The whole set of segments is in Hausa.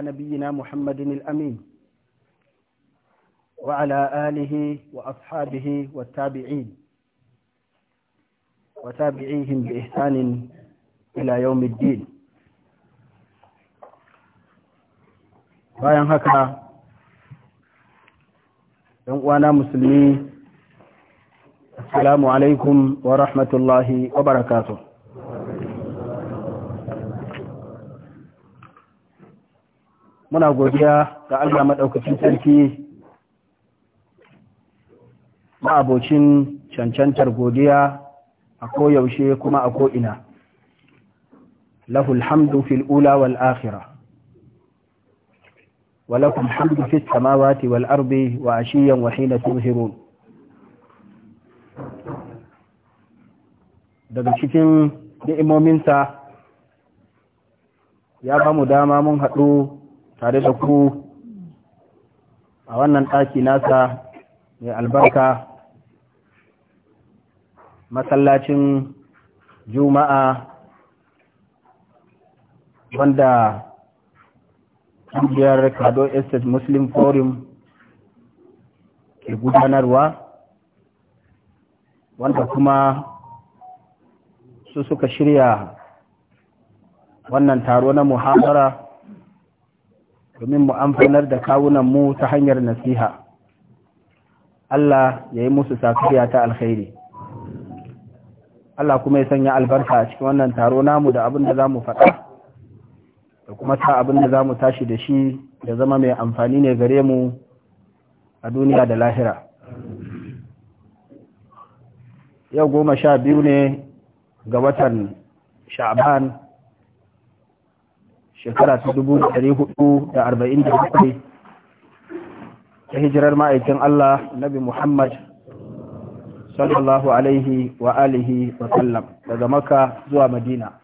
نبينا محمد الأمين وعلى آله وأصحابه والتابعين وتابعيهم بإحسان إلى يوم الدين bayan haka ‘yan uwana musulmi assalamu alaikum wa rahmatullahi wa barakatuh muna godiya ga Allah maɗaukacin sarki ma'abocin cancantar godiya a koyaushe kuma a ko'ina lahul hamdu fil ula wal akhira wa lakum hamdu fis samawati wal ardi wa ashiyan wa hina tuzhirun daga cikin ni'imominsa ya ba mu dama mun haɗu tare da ku a wannan ɗaki nasa mai albarka masallacin juma'a wanda ƙungiyar kado estate muslim forum ke gudanarwa wanda kuma su suka shirya wannan taro na muhammara. domin mu amfanar da kawunan mu ta hanyar nasiha Allah ya yi musu safiya ta alkhairi Allah kuma ya sanya albarka a cikin wannan taro namu da abin da za mu faɗa da kuma ta abin da za mu tashi da shi da zama mai amfani ne gare mu a duniya da lahira yau goma sha biyu ne ga watan sha'ban shekara ta dubu da dari hudu da arba'in da bakwai ta hijirar ma'aikin Allah Nabi Muhammad sallallahu alaihi wa alihi wa sallam daga Makka zuwa Madina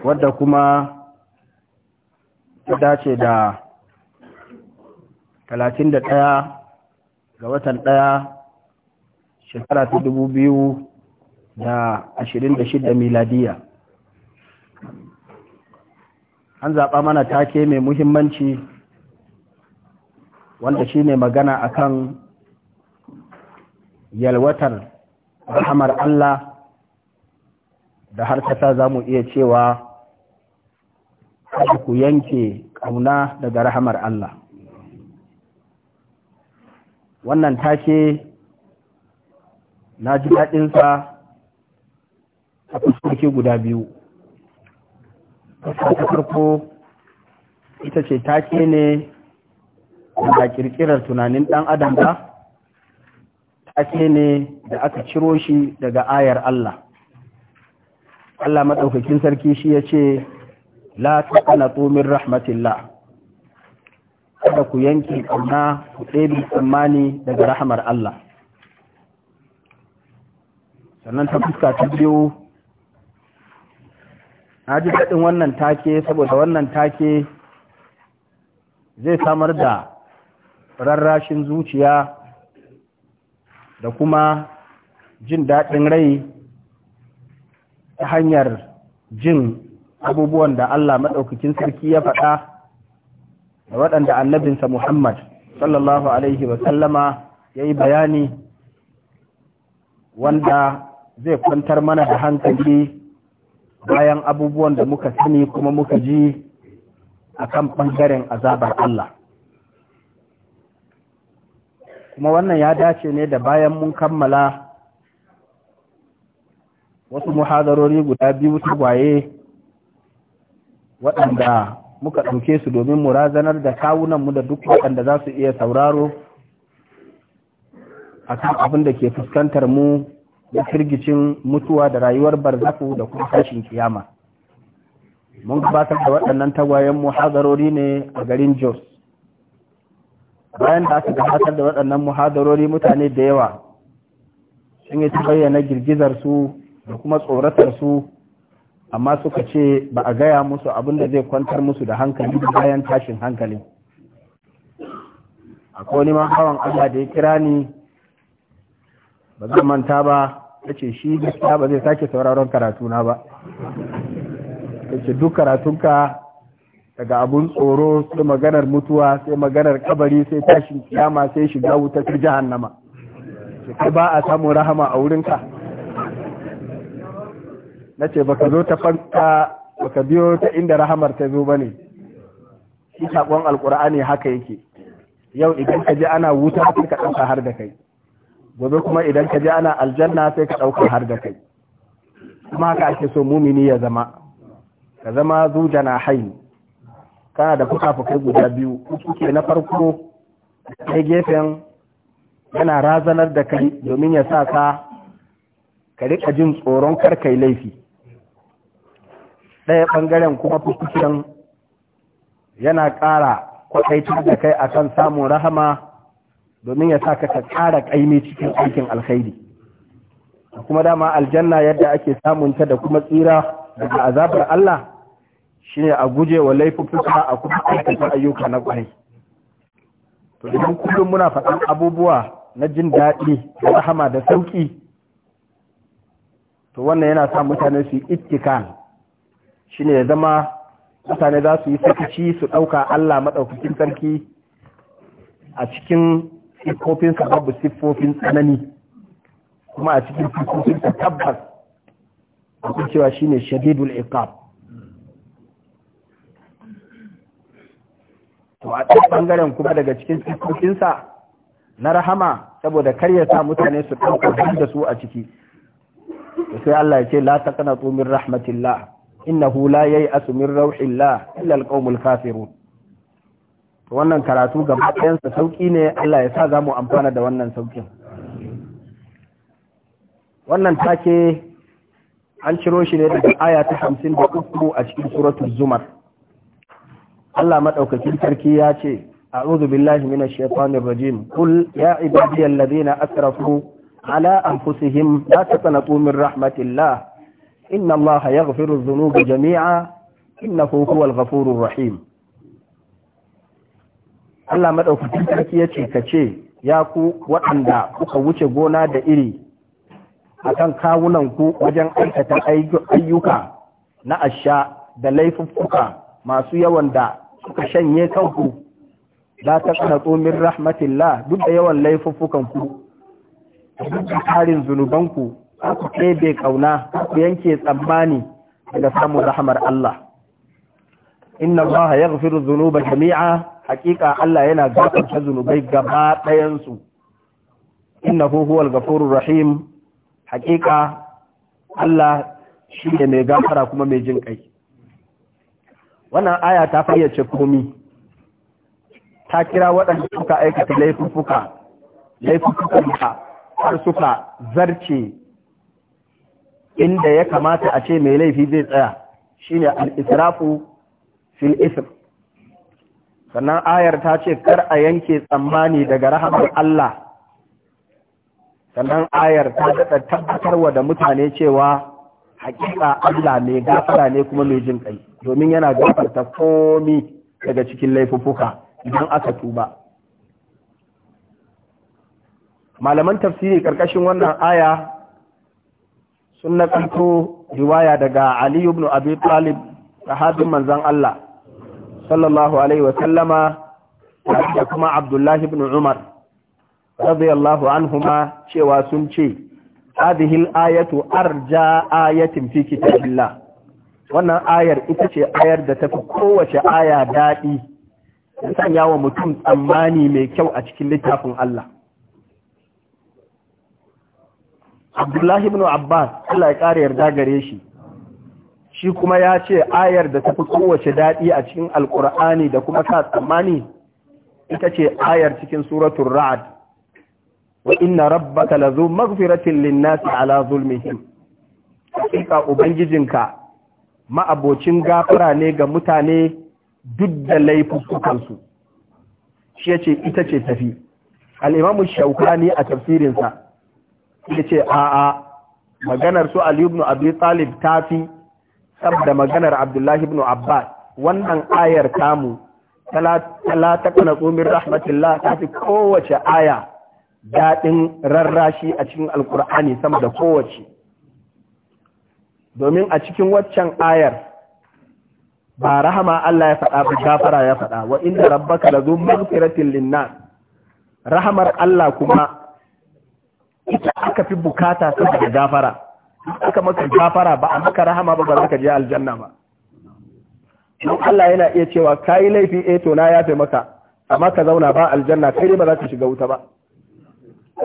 wadda kuma ta dace da talatin da ɗaya ga watan ɗaya shekara ta dubu biyu da ashirin da shida miladiya an zaɓa mana take mai muhimmanci wanda shi ne magana kan yalwatar rahamar Allah da har kasa za mu iya cewa ku yanke ƙauna daga rahamar Allah wannan take na ji daɗinsa a fuskoki guda biyu ta farko ita ce take ne da kirkirar tunanin ɗan adam ba take ne da aka ciro shi daga ayar Allah Allah maɗaukakin sarki shi ya ce la taƙana tsomin rahmatillah kada ku yanke ƙauna ku ɗebe tsammani daga rahamar Allah sannan ta fuska ta biyu na ji daɗin wannan take saboda wannan take zai samar da rarrashin zuciya da kuma jin daɗin rai ta hanyar jin abubuwan da Allah maɗaukakin sarki ya faɗa da waɗanda annabinsa Muhammad sallallahu Alaihi wasallama ya yi bayani wanda zai kwantar mana da hankali bayan abubuwan da muka sani kuma muka ji a kan ɓangaren azabar Allah kuma wannan ya dace ne da bayan mun kammala wasu muhadarori guda biyu tagwaye waɗanda muka ɗauke su domin mu razanar da kawunanmu da duk waɗanda za su iya sauraro a kan abin da ke fuskantar mu ya firgicin mutuwa da rayuwar barzaku da kuma tashin kiyama mun gabatar da waɗannan tagwayen muhadarori ne a garin jos bayan da aka gabatar da waɗannan muhadarori mutane da yawa sun yi ta bayyana girgizarsu da kuma tsoratar su, amma suka ce ba a gaya musu abin da zai kwantar musu da hankali bayan tashin hankali akwai wani ma Allah da ya kira ni ba zan manta ba ya ce shi gaskiya ba zai sake sauraron karatuna ba ya ce duk karatunka daga abun tsoro sai maganar mutuwa sai maganar kabari sai tashin kiyama sai shiga wuta ta jahannama kai ba a samun rahama a wurinka na ce baka zo ta fanka baka biyo ta inda rahamar ta zo ba ne. shi saƙon ne haka yake yau idan ka ji ana wuta sai ka ɗauka har da kai gobe kuma idan ka je ana aljanna sai ka ɗauka har da kai kuma haka ake so mumini ya zama ka zama zuja na haini kana da fuka-fukai guda biyu ke na farko kai gefen yana razanar da kai domin ya sa ka ka riƙa jin tsoron karkai laifi ɗaya ɓangaren kuma fukukin yana ƙara kwaɗaitar da kai akan samun rahama domin ya sa ka ƙara ƙaimi cikin aikin alkhairi kuma dama aljanna yadda ake samun ta da kuma tsira daga azabar Allah shine a guje wa laifuka a kuma aikata ayyuka na ƙwarai to idan kullum muna faɗan abubuwa na jin daɗi da rahama da sauƙi to wannan yana sa mutane su yi shine ya zama mutane za su yi sakaci su ɗauka Allah maɗaukakin sarki a cikin siffofinsa babu siffofin tsanani kuma a cikin siffofinsa tabbas akwai cewa ne shadidul iqab to a ɗan ɓangaren kuma daga cikin siffofinsa na rahama saboda kar ya sa mutane su ɗauka da su a ciki sai Allah ya ce la taqnatu min rahmatillah innahu la yai'asu min rauhillah illa alqawmul kafirun wannan karatu gaba ɗayansa sauƙi ne Allah ya sa za mu amfana da wannan sauƙin wannan take an ciro shi ne daga aya ta hamsin da uku a cikin suratul zumar Allah maɗaukakin sarki ya ce a'udhu billahi mina shaitanir rajim Kul ya ibadiyal ladina asrafu ala anfusihim la taqnatu min rahmatillah inna Allah yaghfiru dhunuba jami'a innahu huwal ghafurur rahim Allah madaukakin sarki ka ce ya ku waɗanda kuka wuce gona da iri akan kawunan ku wajen aikata ayyuka na asha da laifuffuka masu yawan da suka shanye kanku Za la taqnatu min rahmatillah duk da yawan laifuffukan ku duk da tarin zunubanku ku ɗebe ƙauna, ku yanke tsammani daga samun rahmar Allah inna Allah yaghfiru zunuba jami'a hakika Allah yana gafarta zunubai gaba ɗayansu innahu huwal gafurur rahim hakika Allah shi ne mai gafara kuma mai jin kai wannan aya ta fayyace komi ta kira waɗanda suka aikata laifuka laifuka da har suka zarce inda ya kamata a ce mai laifi zai tsaya shine al-israfu fil ism sannan ayar ta ce kar a yanke tsammani daga rahaman Allah sannan ayar ta daɗa tabbatarwa da mutane cewa haƙiƙa Allah mai gafara ne kuma mai jin kai domin yana gafarta komi daga cikin laifuffuka idan aka tuba malaman tafsiri ƙarƙashin wannan aya sun naƙanto riwaya daga Ali ibn Abi Talib sahabin manzon Allah sallallahu alaihi wa da kuma abdullahi ibn Umar radiyallahu anhuma cewa sun ce hadhihi ayatu arja ayatin fi kitabillah wannan ayar ita ce ayar da tafi kowace aya daɗi da sanya wa mutum tsammani mai kyau a cikin littafin Allah Abdullahi ibn Abbas Allah ya ƙara yarda gare shi shi kuma ya ce ayar da ta fi kowace daɗi a cikin Alƙur'ani da kuma sa tsammani ita ce ayar cikin suratun ra'ad wa inna rabbaka lazu maghfiratin linnasi ala zulmihim hakika ubangijinka ma'abocin gafara ne ga mutane duk da laifukansu shi ce ita ce tafi al'imamu shauka shaukani a tafsirinsa ce a'a maganar su aliyu ibn abi talib fi saboda maganar Abdullahi ibn Abbas wannan ayar tamu tala ta kana tsumin rahmatullah ta fi kowace aya daɗin rarrashi a cikin alkur'ani sama da kowace domin a cikin waccan ayar ba rahama Allah ya faɗa ba gafara ya faɗa wa inda rabbaka la zum maghfiratin linnas rahamar Allah kuma ita aka fi bukata saboda gafara aka maka gafara ba a maka rahama ba ba za ka je aljanna ba don Allah yana iya cewa ka yi laifi eh to na yafe maka amma ka zauna ba aljanna kai dai ba za ka shiga wuta ba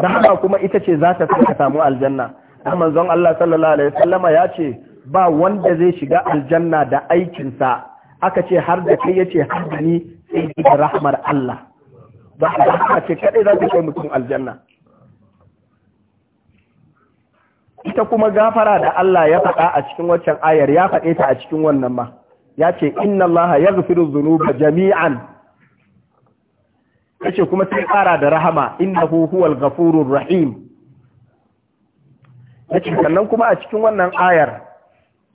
rahama kuma ita ce za ta ka samu aljanna dan manzon Allah sallallahu alaihi wasallama ya ce ba wanda zai shiga aljanna da aikinsa aka ce har da kai yace har da ni sai da rahmar Allah ba rahama ce kadai za ta kai mutum aljanna ita kuma gafara da Allah ya faɗa a cikin waccan ayar ya faɗe ta a cikin wannan ma ya ce inna Allah ya gafiru zunuba jami'an ya ce kuma sai ƙara da rahama inna huwal gafurur rahim ya ce sannan kuma a cikin wannan ayar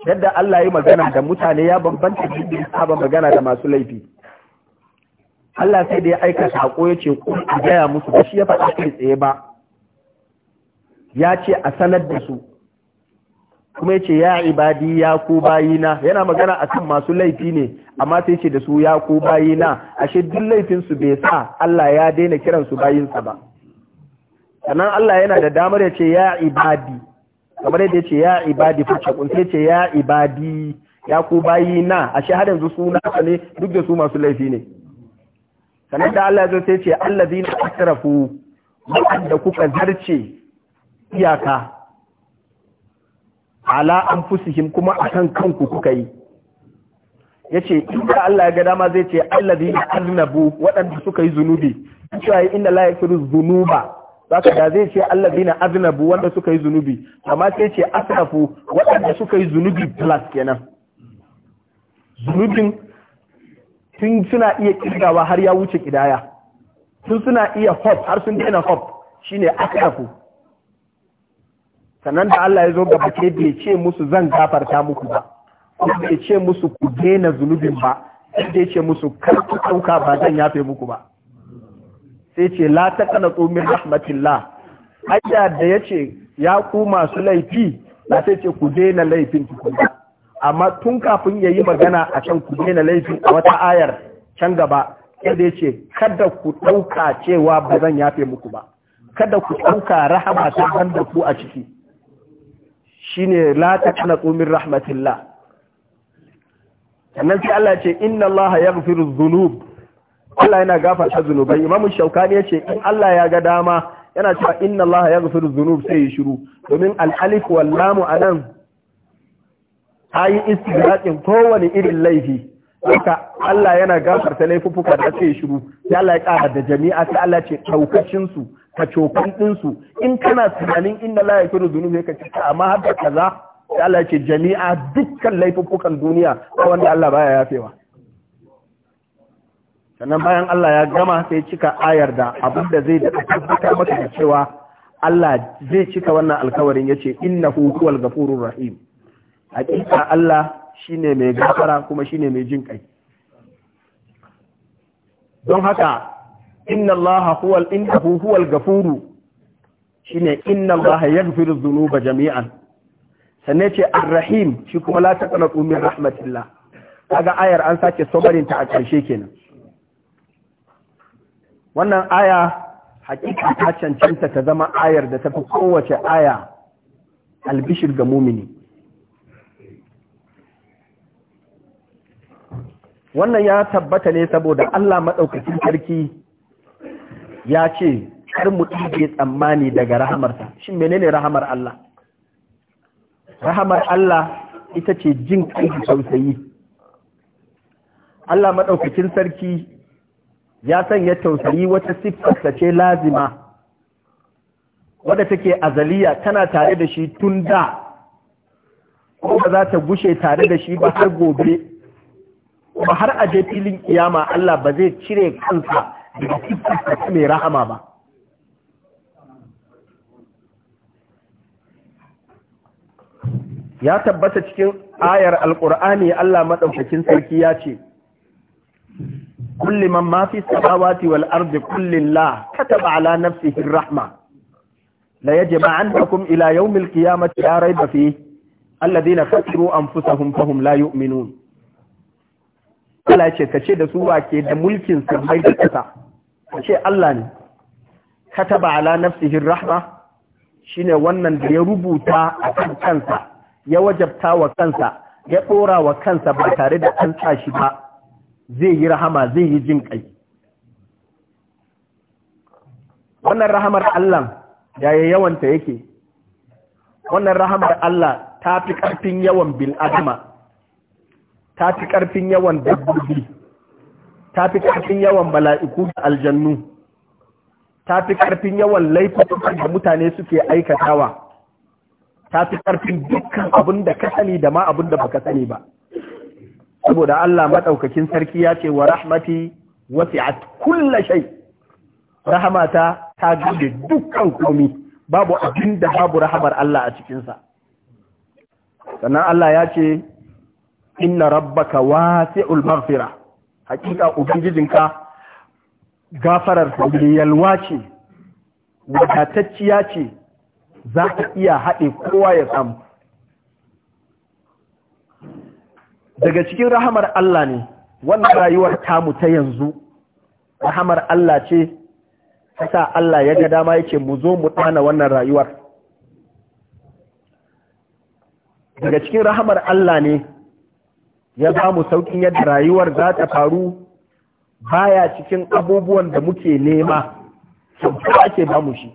yadda Allah ya magana da mutane ya bambanta jirgin saba magana da masu laifi Allah sai da ya aikata saƙo ya ce ku gaya musu ba shi ya faɗa kai tsaye ba ya ce a sanar da su kuma ya ce ya ibadi ya ku bayina yana magana a kan masu laifi ne amma sai ce da su ya ku bayina ashe duk laifinsu bai sa Allah ya daina kiransu bayinsa ba sannan Allah yana da damar ya ce ya ibadi kamar yadda ya ce ya ibadi fashakun sai ce ya ibadi ya ku bayina ashe har yanzu suna ne duk da su masu laifi ne sannan da Allah ya zo sai ce allazina asrafu da kuka zarce iyaka ala an fusihim kuma akan kanku kuka yi yace ka Allah ya ga dama zai ce allazi aznabu waɗanda suka yi zunubi cewa inna la yaghfiru zunuba zaka da zai ce na aznabu wanda suka yi zunubi amma sai ce asrafu waɗanda suka yi zunubi plus kenan zunubin tun suna iya kirgawa har ya wuce kidaya tun suna iya hop har sun daina hop shine asrafu sannan da Allah ya zo gaba ce bai ce musu zan gafarta muku ba kuma bai ce musu ku daina zunubin ba sai dai ce musu kar ku ɗauka ba zan yafe muku ba sai ce la taqnatu min rahmatillah ayya da yace ya ku masu laifi na sai ce ku daina laifin ba amma tun kafin ya yi magana a can ku daina laifin a wata ayar can gaba yadda ya ce kada ku ɗauka cewa ba zan yafe muku ba kada ku ɗauka rahama ta da ku a ciki shine la taqnatu min rahmatillah sannan sai Allah ce inna Allah yaghfiru dhunub Allah yana gafarta zunubai Imam Shaukani yace in Allah ya ga dama yana cewa inna Allah yaghfiru dhunub sai ya shiru domin al-alif wal lam anan ayi istigraqin kowane irin laifi haka Allah yana gafarta laifuka da sai ya shiru sai Allah ya ƙara da jami'a sai Allah ce ɗaukacin su ka cokan in kana tunanin inda la ya firu zunubi ka cika, amma har da kaza sai Allah ce jami'a dukkan laifukan duniya wanda Allah baya yafewa sannan bayan Allah ya gama sai cika ayar da abin da zai daɗa tabbatar maka da cewa Allah zai cika wannan alkawarin ya ce inna huwal gafurur rahim hakika Allah shine mai gafara kuma shine mai jin kai don haka inna allaha huwal innahu huwal gafuru shine inna allaha yaghfiru dhunuba jami'an sanne ce ar-rahim shi kuma la taqnatu min rahmatillah kaga ayar an sake sobarin ta a karshe kenan wannan aya hakika ta cancanta ta zama ayar da tafi kowace aya albishir ga mumini wannan ya tabbata ne saboda Allah maɗaukacin sarki ya ce kar mu ɗige tsammani daga rahamarsa shi menene rahamar Allah rahamar Allah ita ce jin kai tausayi Allah maɗaukacin sarki ya sanya tausayi wata siffarsa ce lazima wadda take azaliya tana tare da shi tun da ko ba za ta gushe tare da shi ba har gobe kuma har a je filin kiyama Allah ba zai cire kansa daga cikin mai rahama ba ya tabbata cikin ayar alkur'ani Allah maɗaukacin sarki ya ce kulli man ma fi samawati wal ardi kullillah kataba ala nafsihi rahma la yajma'annakum ila yawmil qiyamati la rayba fihi alladhina khasiru anfusahum fahum la yu'minun Allah ce ka ce da su wake da mulkin sammai da ƙasa ka ce Allah ne kataba ala nafsihi rahma shine wannan da ya rubuta a kan kansa ya wajabta wa kansa ya ɗora wa kansa ba tare da an sa shi ba zai yi rahama zai yi jin kai wannan rahamar Allah yaya yawanta yake wannan rahamar Allah ta fi ƙarfin yawan bil adama ta fi ƙarfin yawan dabbobi ta fi ƙarfin yawan bala'iku da aljannu ta fi ƙarfin yawan laifukan da mutane suke aikatawa ta fi ƙarfin dukkan abin da ka sani da ma abin da baka sani ba saboda Allah maɗaukakin sarki ya ce wa rahmati wasi'at kulla shay rahmata ta gode dukkan komi babu abin da babu rahmar Allah a cikinsa sannan Allah ya ce inna rabbaka wasi'ul maghfira hakika ubangijinka gafarar yalwa ce wadatacciya ce za ka iya haɗe kowa ya samu daga cikin rahamar Allah ne wannan rayuwar tamu ta yanzu rahamar Allah ce kasa Allah ya ga dama yake mu zo mu tana wannan rayuwar daga cikin rahamar Allah ne ya ba mu sauƙin yadda rayuwar za ta faru baya cikin abubuwan da muke nema sauƙi ake ba mu shi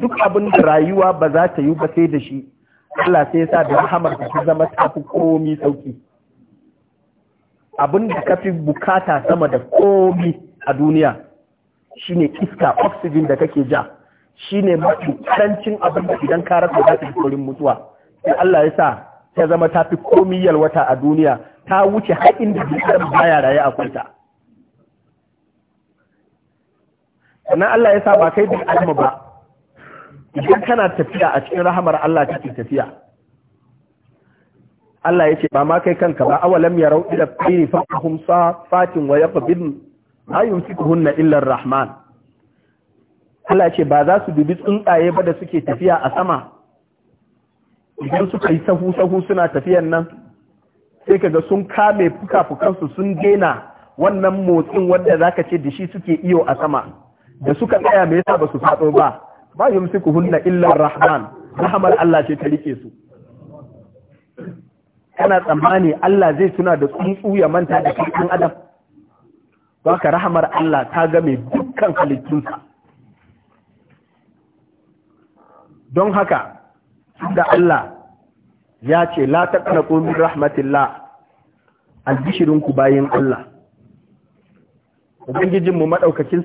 duk abin da rayuwa ba za ta yi ba sai da shi Allah sai sa da rahamar ta zama ta fi komi sauƙi abin da ka fi bukata sama da komi a duniya shine iska oxygen da kake ja shine mafi karancin abin da idan ka rasa za ta mutuwa sai Allah ya sa ta zama ta fi komi yalwata a duniya ta wuce haƙin da jikin baya raye a ta sannan Allah ya sa ba kai bin alma ba idan kana tafiya a cikin rahamar Allah kake tafiya Allah ya ce ba ma kai kanka ba awalam yarau ila tayri sa fatin wa yi wuce ku hunna illar rahman Allah ce ba za su dubi tsuntsaye ba da suke tafiya a sama idan suka yi sahu sahu suna tafiyan nan sai kaga sun kame fuka-fukansu sun daina wannan motsin wanda zaka ce da shi suke iyo a sama da suka tsaya me yasa ba su faɗo ba ba hunna illar rahman rahmar Allah ce ta rike su kana tsammani Allah zai tuna da tsuntsu ya manta da kan adam Ba ka rahamar Allah ta game dukkan halittunsa don haka da Allah ya ce la ƙana min rahmatillah albishirinku bayan Allah ubangijin mu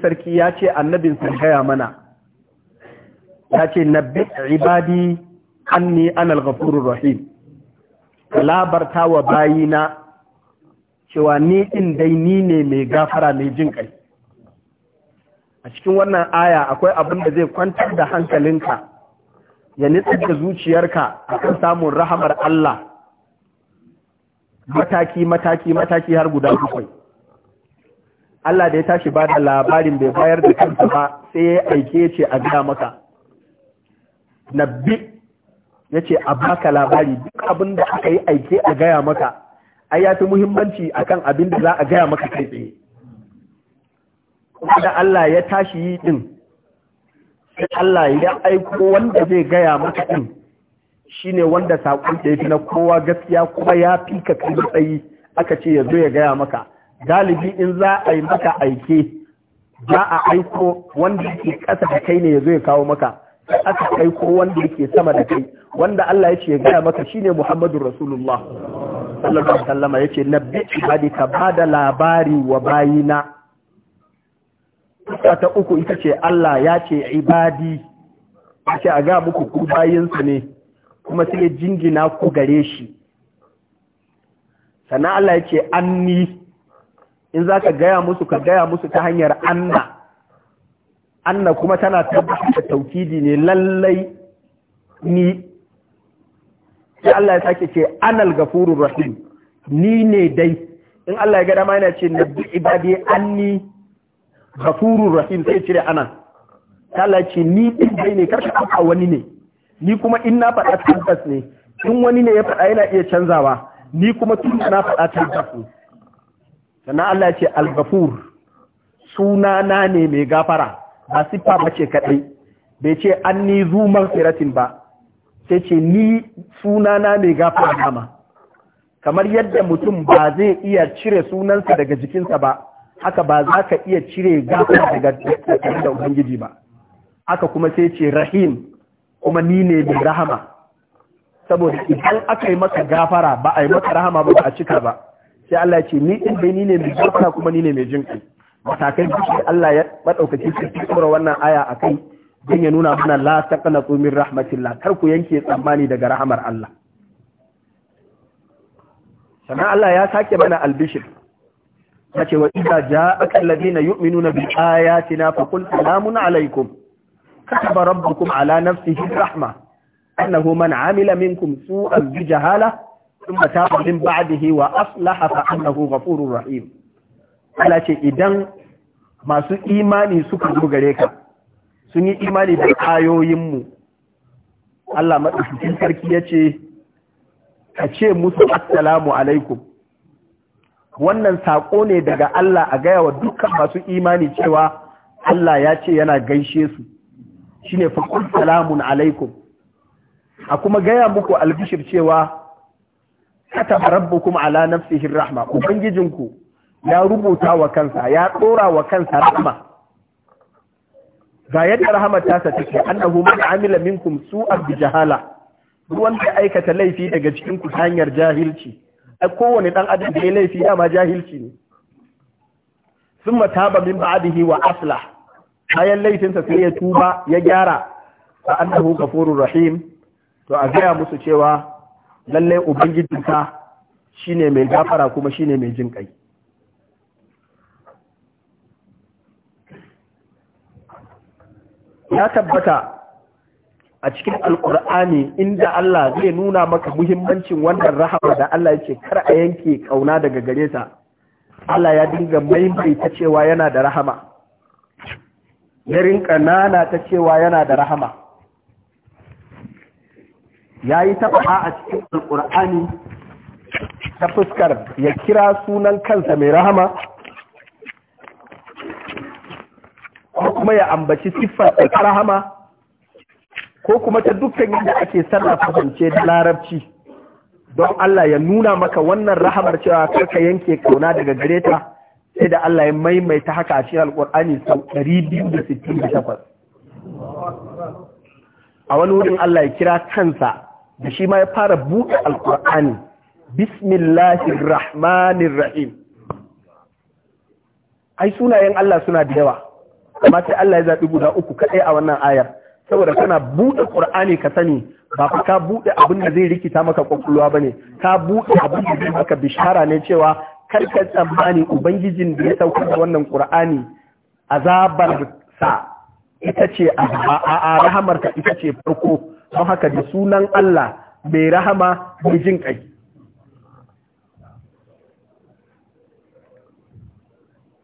sarki ya ce annabin sun haya mana ya ce na ibadi an ana an ghafurur rahim labarta wa bayina cewa ni in dai ni ne mai gafara mai jin kai a cikin wannan aya akwai abin da zai kwantar da hankalinka ya nitsar da zuciyarka akan samun rahamar Allah mataki mataki mataki har guda bakwai Allah da ya tashi ba da labarin bai bayar da kansa ba sai ya aike ce a gida maka nabbi ya ce a baka labari duk abin da aka yi aike a gaya maka ai ya fi muhimmanci akan abin da za a gaya maka kai tsaye kuma da Allah ya tashi yi din Allah ya aiko wanda zai gaya maka din shine wanda sakon da yafi na kowa gaskiya kuma ya fi ka kai tsayi aka ce yazo ya gaya maka galibi in za a yi maka aike za a aiko wanda yake kasa da kai ne yazo ya kawo maka sai aka aiko wanda yake sama da kai wanda Allah ya ce ya gaya maka shine Muhammadu Rasulullah sallallahu alaihi wasallam ya ce nabbi ibadika bada labari wa bayina ta uku ita ce Allah ya ce ibadi A ce a ga muku ku bayinsa ne kuma sai jingina ku gare shi sannan Allah ya ce anni in za ka gaya musu ka gaya musu ta hanyar anna anna kuma tana tabbata da taukidi ne lallai ni sai Allah ya sake ce anal gafurur rahim ni ne dai in Allah ya ga dama yana ce na ibadi anni ghafurur rahim sai cire anan Allah ce ni din bai ne karka aka wani ne ni kuma in na faɗa tabbas ne in wani ne ya faɗa yana iya canzawa ni kuma tun na faɗa tabbas ne sannan Allah ce al-ghafur suna na ne mai gafara ba sifa ba ce kadai bai ce an ni zu magfiratin ba sai ce ni suna na mai gafara dama kamar yadda mutum ba zai iya cire sunansa daga jikinsa ba haka ba za ka iya cire gafara daga tsakanin da ubangiji ba aka kuma sai ce rahim kuma ni ne mai rahama saboda idan aka yi maka gafara ba a yi maka rahama ba a cika ba sai Allah ce ni in bai ni ne mai gafara kuma ni ne mai jinƙi. matakai da Allah ya maɗaukaci shi tsora wannan aya a kai don ya nuna mana la na min rahmatillah kar ku yanke tsammani daga rahamar Allah sannan Allah ya sake mana albishir ta ce wa idza ja'aka alladhina yu'minuna bi ayatina fa qul salamun alaykum kataba rabbukum ala nafsihi rahma annahu man 'amila minkum su'an bi jahala thumma taba min ba'dihi wa aslaha fa annahu ghafurur rahim ala ce idan masu imani suka zo gare ka sun yi imani da ayoyinmu Allah madaukakin sarki yace ka ce musu assalamu alaikum wannan saƙo ne daga Allah a gaya wa dukkan masu imani cewa Allah ya ce yana gaishe su shi ne faƙon salamun alaikum a kuma gaya muku albishir cewa kata kuma ala nafsihin rahma ubangijinku ya rubuta wa kansa ya ɗora wa kansa rahma ga yadda rahama ta sa take annahu man amila minkum su bi jahala Ruwan wanda aikata laifi daga cikin ku hanyar jahilci ai kowane dan adam da ya laifi dama jahilci ne summa taba min ba'dihi wa aslah bayan laifinsa sai ya tuba ya gyara fa annahu ghafurur rahim to a gaya musu cewa lalle ubangijinka shine mai gafara kuma shine mai jin kai ya tabbata a cikin alkur'ani inda Allah zai nuna maka muhimmancin wannan rahama da Allah yake kar a yanke kauna daga gare ta Allah ya dinga maimaita cewa yana da rahama ya rinka nana ta cewa yana da rahama ya yi taɓa a cikin alkur'ani ta fuskar ya kira sunan kansa mai rahama kuma ya ambaci siffar ta rahama ko kuma ta dukkan yadda ake sarrafa zance da larabci don Allah ya nuna maka wannan rahamar cewa karka yanke kauna daga gare ta sai da Allah ya maimaita haka a cikin alkur'ani sau 268 a wani wurin Allah ya kira kansa da shi ma ya fara buɗe alkur'ani bismillahir rahmanir rahim ai sunayen Allah suna da yawa amma sai Allah ya zaɓi guda uku kaɗai a wannan ayar saboda kana buɗe ƙur'ani ka sani ba fa ka buɗe abin da zai rikita maka kwakwalwa ba ne ka buɗe abin da zai maka bishara ne cewa kar ka tsammani ubangijin da ya sauka da wannan ƙur'ani azabar sa ita ce a rahamar ka ita ce farko don haka da sunan Allah mai rahama mai jin kai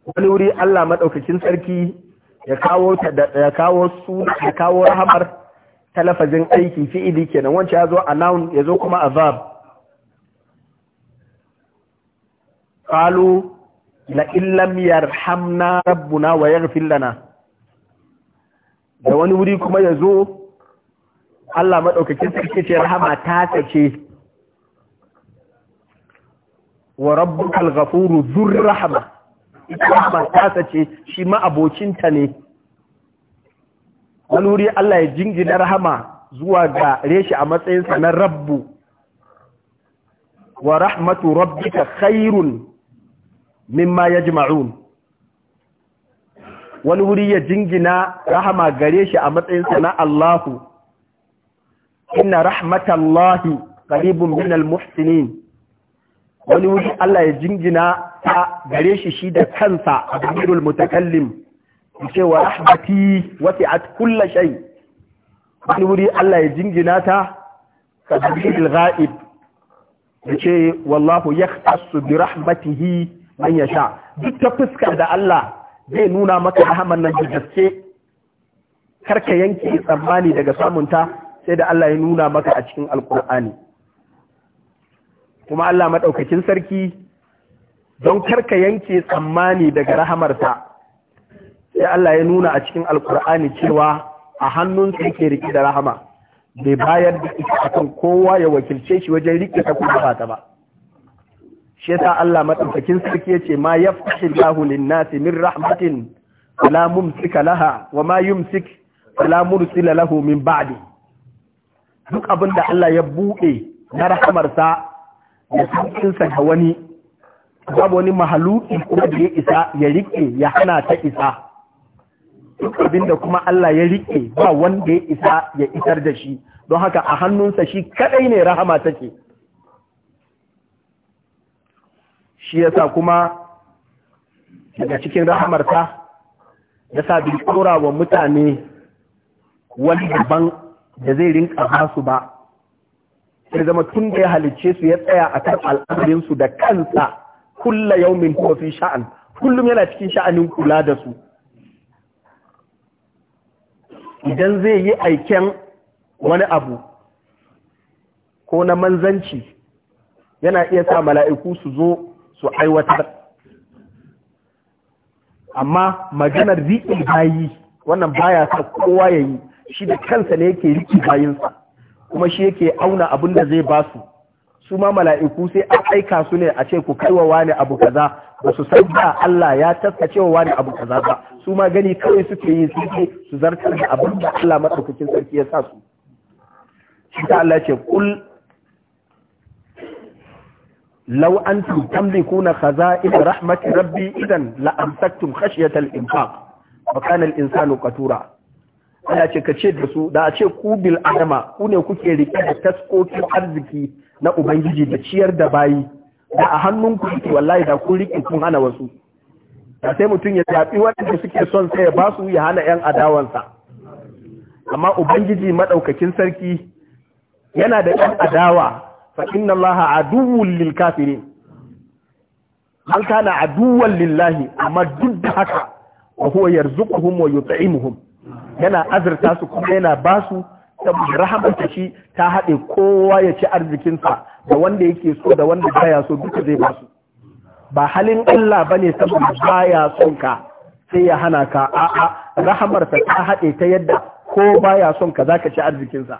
wani wuri Allah maɗaukakin sarki ya kawo ya kawo su ya kawo rahamar talafazin aiki fi'ili kenan wancan ya a noun yazo zo kuma a verb qalu la illam yarhamna rabbuna wa yaghfir lana da wani wuri kuma yazo Allah madaukakin sarki ce rahama ta sace wa rabbukal ghafuru dhur rahama ita rahmar tasa ce shi ma'abocinta ne wani wuri Allah ya jingina rahama zuwa ga reshi a matsayinsa na rabbu wa rahmatu rabbika khairun mimma yajma'un wani wuri ya jingina rahama gare shi a matsayinsa na Allahu inna rahmatallahi qaribun minal muhsinin wani wuri Allah ya jingina ta gare shi shi da kansa a damirul mutakallim cewa rahmati wasi'at kulla shay wani wuri Allah ya jingina ta ka damirul ghaib ce wallahu yahtassu bi rahmatihi man yasha duk ta fuskar da Allah zai nuna maka rahaman nan da gaske karka yanke tsammani daga samunta sai da Allah ya nuna maka a cikin alkur'ani kuma Allah maɗaukakin sarki don karka yanke tsammani daga rahamarsa sai Allah ya nuna a cikin alkur'ani cewa a hannunsa yake riƙe da rahama bai bayar da ita akan kowa ya wakilce shi wajen riƙe ta kuma ba ta ba shi yasa Allah maɗaukakin sarki yace ma yaftahi Allahu lin-nasi min rahmatin fala mumsika laha wa ma yumsik fala mursila lahu min ba'di duk abin da Allah ya buɗe na rahamarsa da sa da wani babu wani mahaluki kuma da ya isa ya riƙe ya hana ta isa duk abinda kuma Allah ya riƙe ba wanda ya isa ya isar da shi don haka a hannunsa shi kadai ne rahama take shi yasa kuma daga cikin rahamarsa ya sa bi tsorawa mutane wani babban da zai rinka hasu ba sai zama tun da ya halicce su ya tsaya a kan al'amarinsu da kansa kulla yaumin min fi sha'an kullum yana cikin sha'anin kula da su idan zai yi aiken wani abu ko na manzanci yana iya sa mala'iku su zo su aiwatar amma maganar riƙe bayi wannan baya sa kowa ya yi shi da kansa ne yake riƙe bayinsa kuma shi yake auna abin da zai ba su su ma mala'iku sai an aika su ne a ce ku kaiwa wani abu kaza ba su san da Allah ya taskace wa wani abu kaza ba su ma gani kawai suke yi suke su zartar da abin da Allah madaukakin sarki ya sa su shi ta Allah ce kul law antum tamlikuna khaza'in rahmati rabbi idan la amsaktum khashyata al-infaq wa kana al-insanu qatura ana ce ka ce da su da a ce ku bil adama ku ne kuke rike da taskokin arziki na ubangiji da ciyar da bayi da a hannun ku yake wallahi da ku rike kun hana wasu da sai mutum ya zaɓi waɗanda suke son sai ya ba su ya hana yan adawansa amma ubangiji madaukakin sarki yana da yan adawa fa inna allaha aduwwul lil kafirin an kana aduwwan lillahi amma duk da haka wa huwa yarzuquhum wa yut'imuhum yana azurta su kuma yana ba su saboda rahamarta shi ta haɗe kowa ya ci arzikinsa da wanda yake so da wanda baya so duka zai ba su ba halin Allah bane saboda baya son ka sai ya hana ka a'a rahamarta ta haɗe ta yadda ko baya son ka zaka ci arzikinsa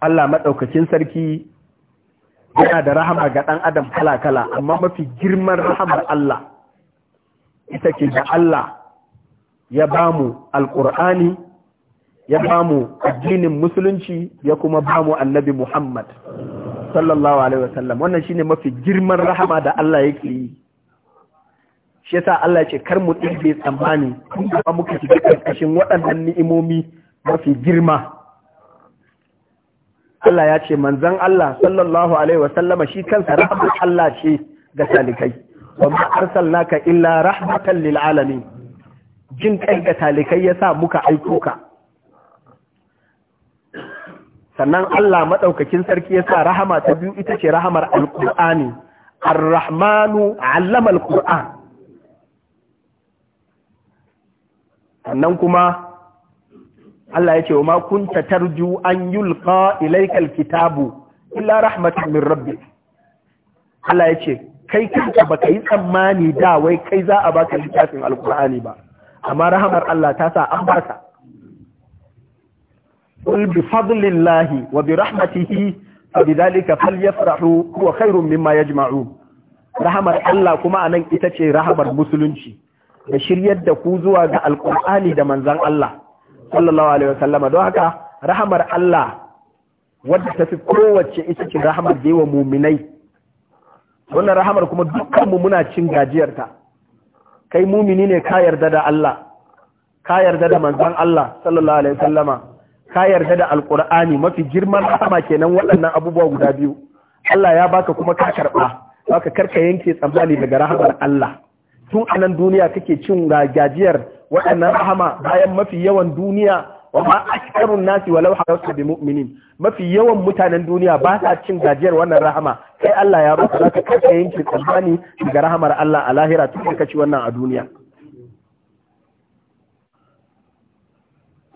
Allah maɗaukacin sarki yana da rahama ga ɗan adam kala-kala amma mafi girman rahamar Allah ita ce da Allah ya ba mu alƙur'ani ya ba mu addinin musulunci ya kuma ba mu annabi Muhammad sallallahu alaihi wasallam wannan shine mafi girman rahama da Allah yake yi shi yasa Allah ya ce kar mu ɗibe tsammani kun ba muka shiga karkashin waɗannan ni'imomi mafi girma Allah ya ce manzon Allah sallallahu alaihi wasallama shi kansa rahama Allah ce ga salikai wa ma ka illa rahmatan lil alamin jin kai ga talikai yasa muka aiko ka sannan Allah madaukakin sarki yasa rahama ta biyu ita ce rahamar alqur'ani arrahmanu allama alqur'an sannan kuma Allah ya ce wa ma kunta tarju an yulqa ilaykal kitabu illa rahmatan min rabbik Allah ya ce kai kanka baka yi tsammani da wai kai za a baka littafin alkur'ani ba amma rahamar Allah ta sa an baka qul bi fadlillahi wa bi rahmatihi fa bidhalika falyafrahu huwa khairun mimma yajma'un rahamar Allah kuma anan ita ce rahamar musulunci da shiryar da ku zuwa ga alkur'ani da manzon Allah sallallahu alaihi wasallama don haka rahamar Allah wadda ta fi kowace ita ce rahamar da yawa wa muminai wannan rahamar kuma dukkanmu muna cin gajiyarta kai mumini ne ka yarda da Allah ka yarda da manzon Allah sallallahu alaihi wasallama ka yarda da alqur'ani mafi girman rahama kenan waɗannan abubuwa guda biyu Allah ya baka kuma ka karba baka karka yanke tsammani daga rahamar Allah tun anan duniya kake cin gajiyar waɗannan rahama bayan mafi yawan duniya wa ma ashkarun nasi walau hawasta bi mu'minin mafi yawan mutanen duniya ba sa cin gajiyar wannan rahama Sai Allah ya roƙa zaka kace yanke kalbani daga rahamar Allah a lahira tun ka ci wannan a duniya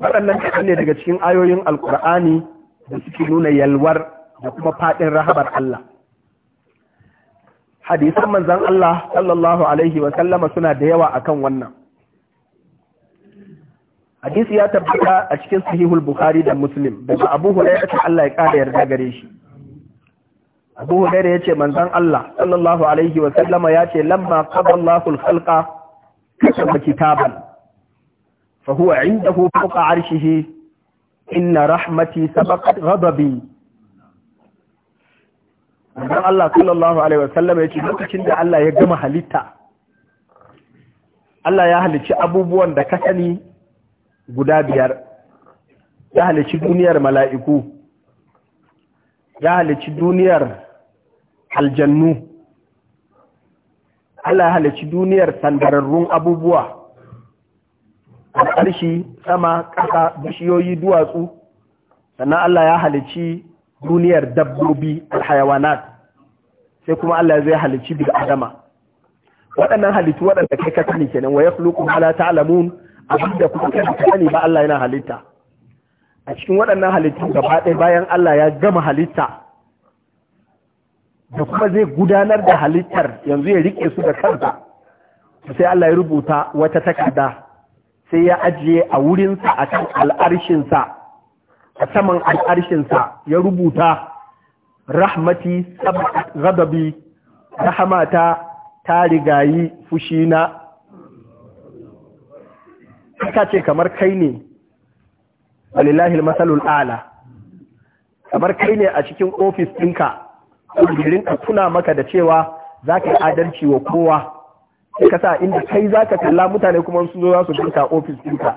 waɗannan kaɗan ne daga cikin ayoyin alkur'ani da suke nuna yalwar da kuma faɗin rahabar Allah hadisan manzon Allah sallallahu alaihi wa sallama suna da yawa akan wannan hadisi ya tabbata a cikin sahihul bukhari da muslim daga abu hurairah ce Allah ya kara yarda gare shi abu ya ce manzan Allah sallallahu alaihi wa sallama ya yace lamma qada Allahu al-khalqa kataba kitaban fa huwa indahu fawqa arshihi inna rahmati sabaqat ghadabi Manzan Allah sallallahu alaihi wa sallama ce, lokacin da Allah ya gama halitta Allah ya halicci abubuwan da ka sani guda biyar ya halici duniyar mala'iku ya halici duniyar aljannu Allah halici duniyar sandararrun abubuwa ƙarshi sama ƙasa bishiyoyi duwatsu sannan Allah ya halici duniyar dabbobi alhayawanat sai kuma Allah zai halici bil adama waɗannan halittu waɗanda kai ka sani kenan wa yakhluqu ma la ta'lamun abinda kuma kada ka sani ba Allah yana halitta a cikin waɗannan halittu gaba ɗaya bayan Allah ya gama halitta da kuma zai gudanar da halittar yanzu ya rike su da kansa sai Allah ya rubuta wata takarda sai ya ajiye a wurinsa a kan al'arshinsa a saman al'arshinsa ya rubuta rahmati ghadabi rahmata, ta rigayi fushina ka ce kamar kai ne walillahi masalul ala kamar kai ne a cikin ofis ɗinka ɗin ka tuna maka da cewa za ka yi adalci wa kowa sai ka sa inda kai za ka kalla mutane kuma sun zo za su binka ofis ɗinka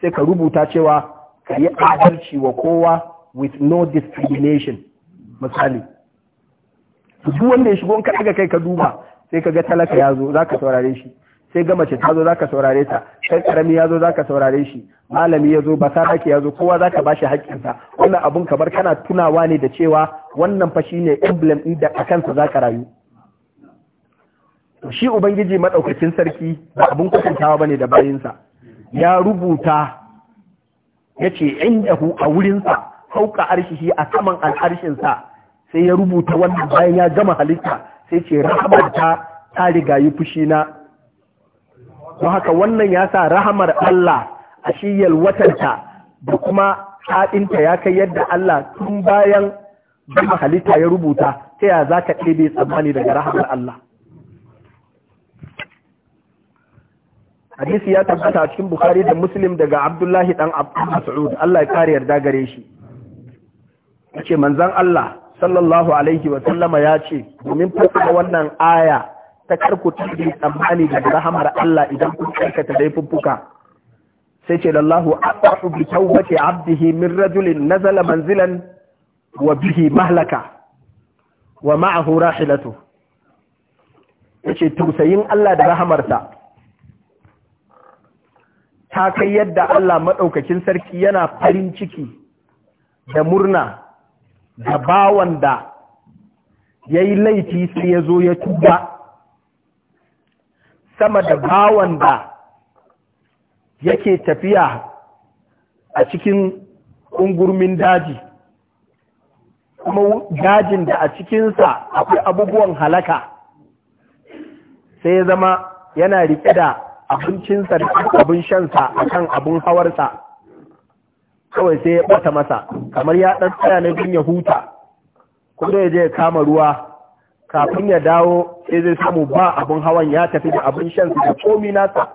sai ka rubuta cewa ka yi adalci wa kowa with no discrimination misali duk wanda ya shigo ka ɗaga kai ka duba sai ka ga talaka ya zo za ka saurare shi sai ga mace ta zo zaka saurare ta kai karami ya zo zaka saurare shi malami ya zo basarake ya zo kowa zaka bashi haƙƙinsa wannan abun kamar kana tunawa ne da cewa wannan fa ne emblem ɗin da a kansa za ka rayu shi ubangiji maɗaukacin sarki ba abin kwatantawa ne da bayinsa ya rubuta ya yace indahu a wurinsa hauka arshihi a saman al'arshinsa sai ya rubuta wannan bayan ya gama halitta sai ce da ta riga yi fushi na don haka wannan ya sa rahamar Allah a shi yalwatarta da kuma haɗinta ya kai yadda Allah tun bayan zama halitta ya rubuta ta ya za ka ɗebe tsammani daga rahamar Allah hadisi ya tabbata a cikin Bukhari da Muslim daga Abdullahi ɗan Abdullahi, Allah ya kare yarda gare shi yace manzan Allah sallallahu alaihi wa sallama ya ce domin fasa wannan aya ta karku tabi tsammani da rahamar Allah idan kun aikata laifuffuka sai ce lallahu aqahu bi tawbati abdihi min rajulin nazala manzilan wa bihi mahlaka wa ma'ahu rahilatu yace tusayin Allah da rahamarsa ta kai yadda Allah maɗaukacin sarki yana farin ciki da murna da bawan da ya laifi sai ya zo ya tuba sama da bawan da yake tafiya a cikin ƙungurmin daji kuma dajin da a cikinsa akwai abubuwan halaka sai ya zama yana riƙe da abincinsa da abin shansa a kan abin hawarsa kawai sai ya ɓata masa kamar ya ɗan tsaya na ya huta kuma ya je ya kama ruwa kafin ya dawo sai zai samu ba abin hawan ya tafi da abin shansa da komi nasa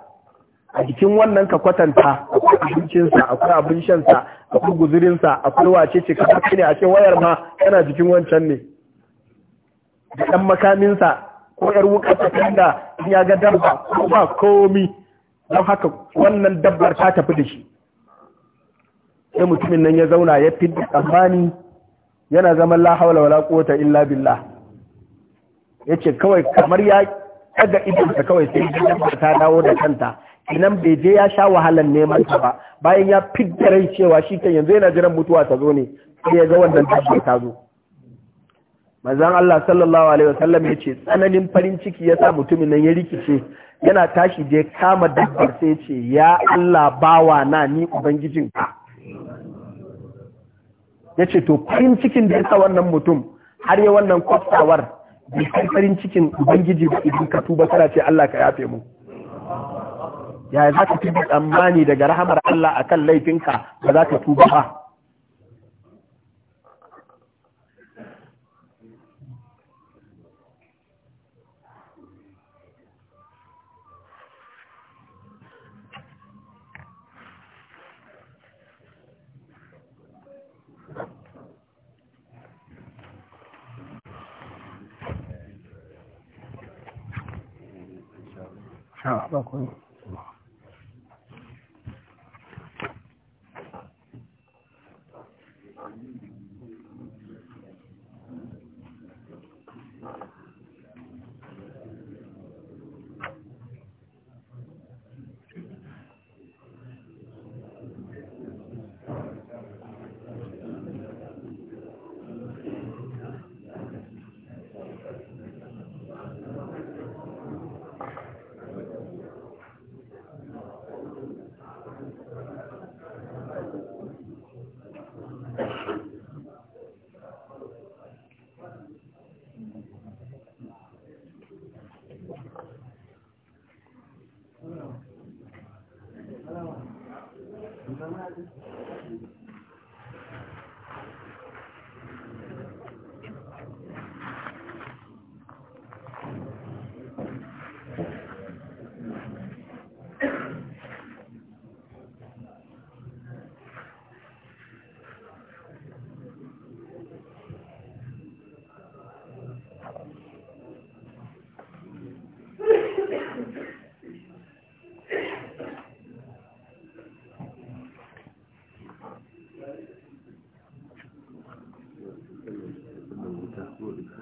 a jikin wannan ka kwatanta akwai abincinsa akwai abin shansa akwai guzurinsa akwai wace ce kamar ne a ce wayar ma yana jikin wancan ne da ɗan makaminsa ko yar wukar ta in ya ga dabba ko ba komi don haka wannan dabbar ta tafi da shi sai mutumin nan ya zauna ya fi tsammani yana zaman la hawla wala quwwata illa billah yace kawai kamar ya kaga idonsa kawai sai dabbar ta dawo da kanta inan bai je ya sha wahalar neman ta ba bayan ya fidda rai cewa shi kan yanzu yana jiran mutuwa ta zo ne sai ya ga wannan dabbar ta zo manzon Allah sallallahu alaihi wasallam ya ce tsananin farin ciki ya sa mutumin nan ya rikice yana tashi da ya kama dabbar sai ce ya Allah bawa na ni ubangijinka ya ce to farin cikin da ya sa wannan mutum har ya wannan kwafsawar bai san farin cikin ubangiji ba idan ka tuba kana ce Allah ka yafe mu yaya za ka tuba tsammani daga rahamar Allah akan laifinka ba za ka tuba ba हाँ बस वही ọ̀rọ̀ máa ń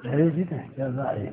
ɗari shida ya za a yi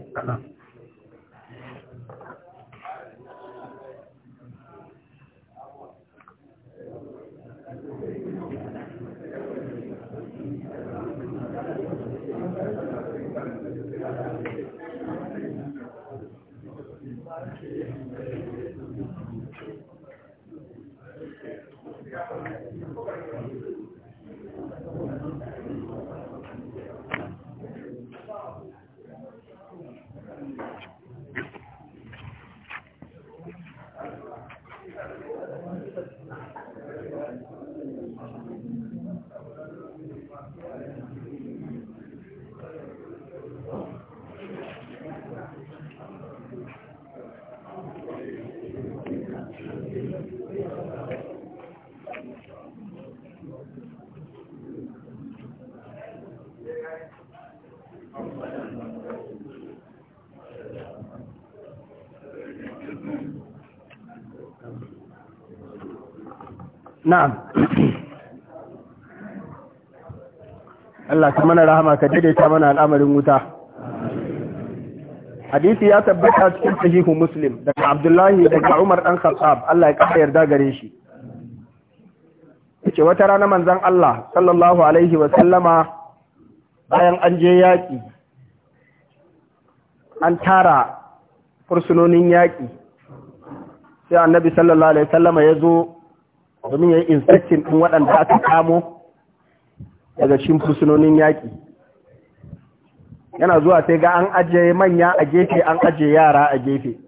na'am Allah ta mana rahama ka daidaita mana al'amarin wuta hadisi ya tabbata cikin sahihu muslim daga abdullahi daga umar dan khattab Allah ya kafa yarda gare shi yace wata rana manzon Allah sallallahu alaihi wa sallama bayan an je yaki an tara fursunonin yaki sai annabi sallallahu alaihi wa sallama ya zo domin ya yi inspection ɗin waɗanda aka kamo daga shi fursunonin yaƙi yana zuwa sai ga an ajiye manya a gefe an ajiye yara a gefe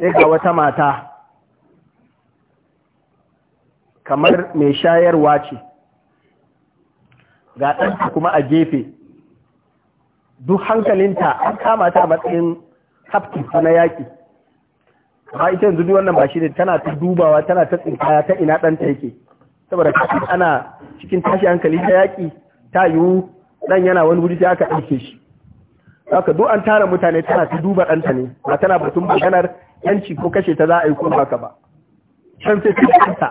sai ga wata mata kamar mai shayarwa ce ga ɗanta kuma a gefe duk hankalinta an kama ta matsayin hafti na yaƙi amma ita yanzu duk wannan ba shi ne tana ta dubawa tana ta tsinkaya ta ina ɗanta yake saboda ana cikin tashi hankali ta yaki, ta yiwu ɗan yana wani wuri sai aka ɗauke shi haka duk an tara mutane tana ta duba ɗanta ne ba tana batun maganar yanci ko kashe ta za a yi ko haka ba can sai ta ɗanta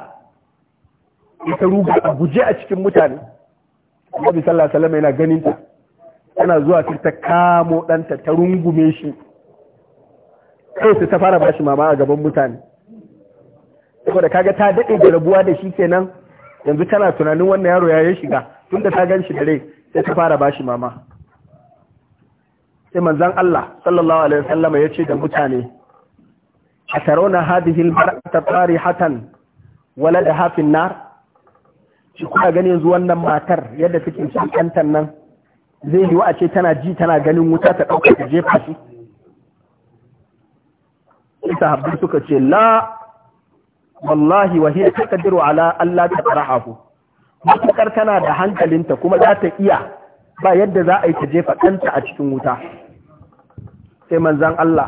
ita ruga a guje a cikin mutane Annabi sallallahu alaihi wasallam yana ganin ta yana zuwa ta kamo ɗanta ta rungume shi sai su ta fara bashi mama a gaban mutane saboda kaga ta daɗe da rabuwa da shi kenan yanzu tana tunanin wannan yaro ya yi shiga tunda ta gan shi da rai sai ta fara bashi mama sai manzon Allah sallallahu alaihi wasallam ya ce da mutane atarawna hadhihi al-mar'ata tarihatan walada hafin nar shi kuna gani yanzu wannan matar yadda take kantan nan zai yi wa a ce tana ji tana ganin wuta ta ɗauka ta jefa shi sai suka ce la wallahi wa hiya taqdiru ala Allah ta tarahu matakar tana da hankalinta kuma za ta iya ba yadda za a yi ta jefa kanta a cikin wuta sai manzan Allah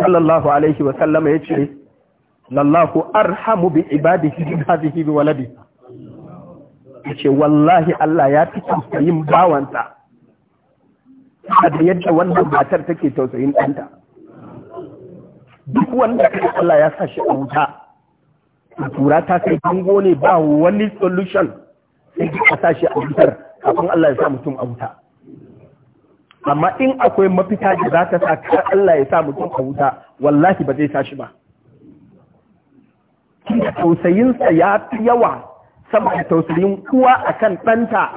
sallallahu alaihi wa sallama ya lallahu arhamu bi ibadihi bi hadhihi bi waladi yace wallahi Allah ya fi tausayin bawansa da yadda wannan matar take tausayin ɗanta duk wanda kai Allah ya sa shi a wuta tura ta sai bango ne ba wani solution sai ki sa shi a wutar kafin Allah ya sa mutum a wuta amma in akwai mafita da za ta sa kar Allah ya sa mutum a wuta wallahi ba zai sa shi ba kinga tausayinsa ya fi yawa sama da tausayin kuwa akan ɗanta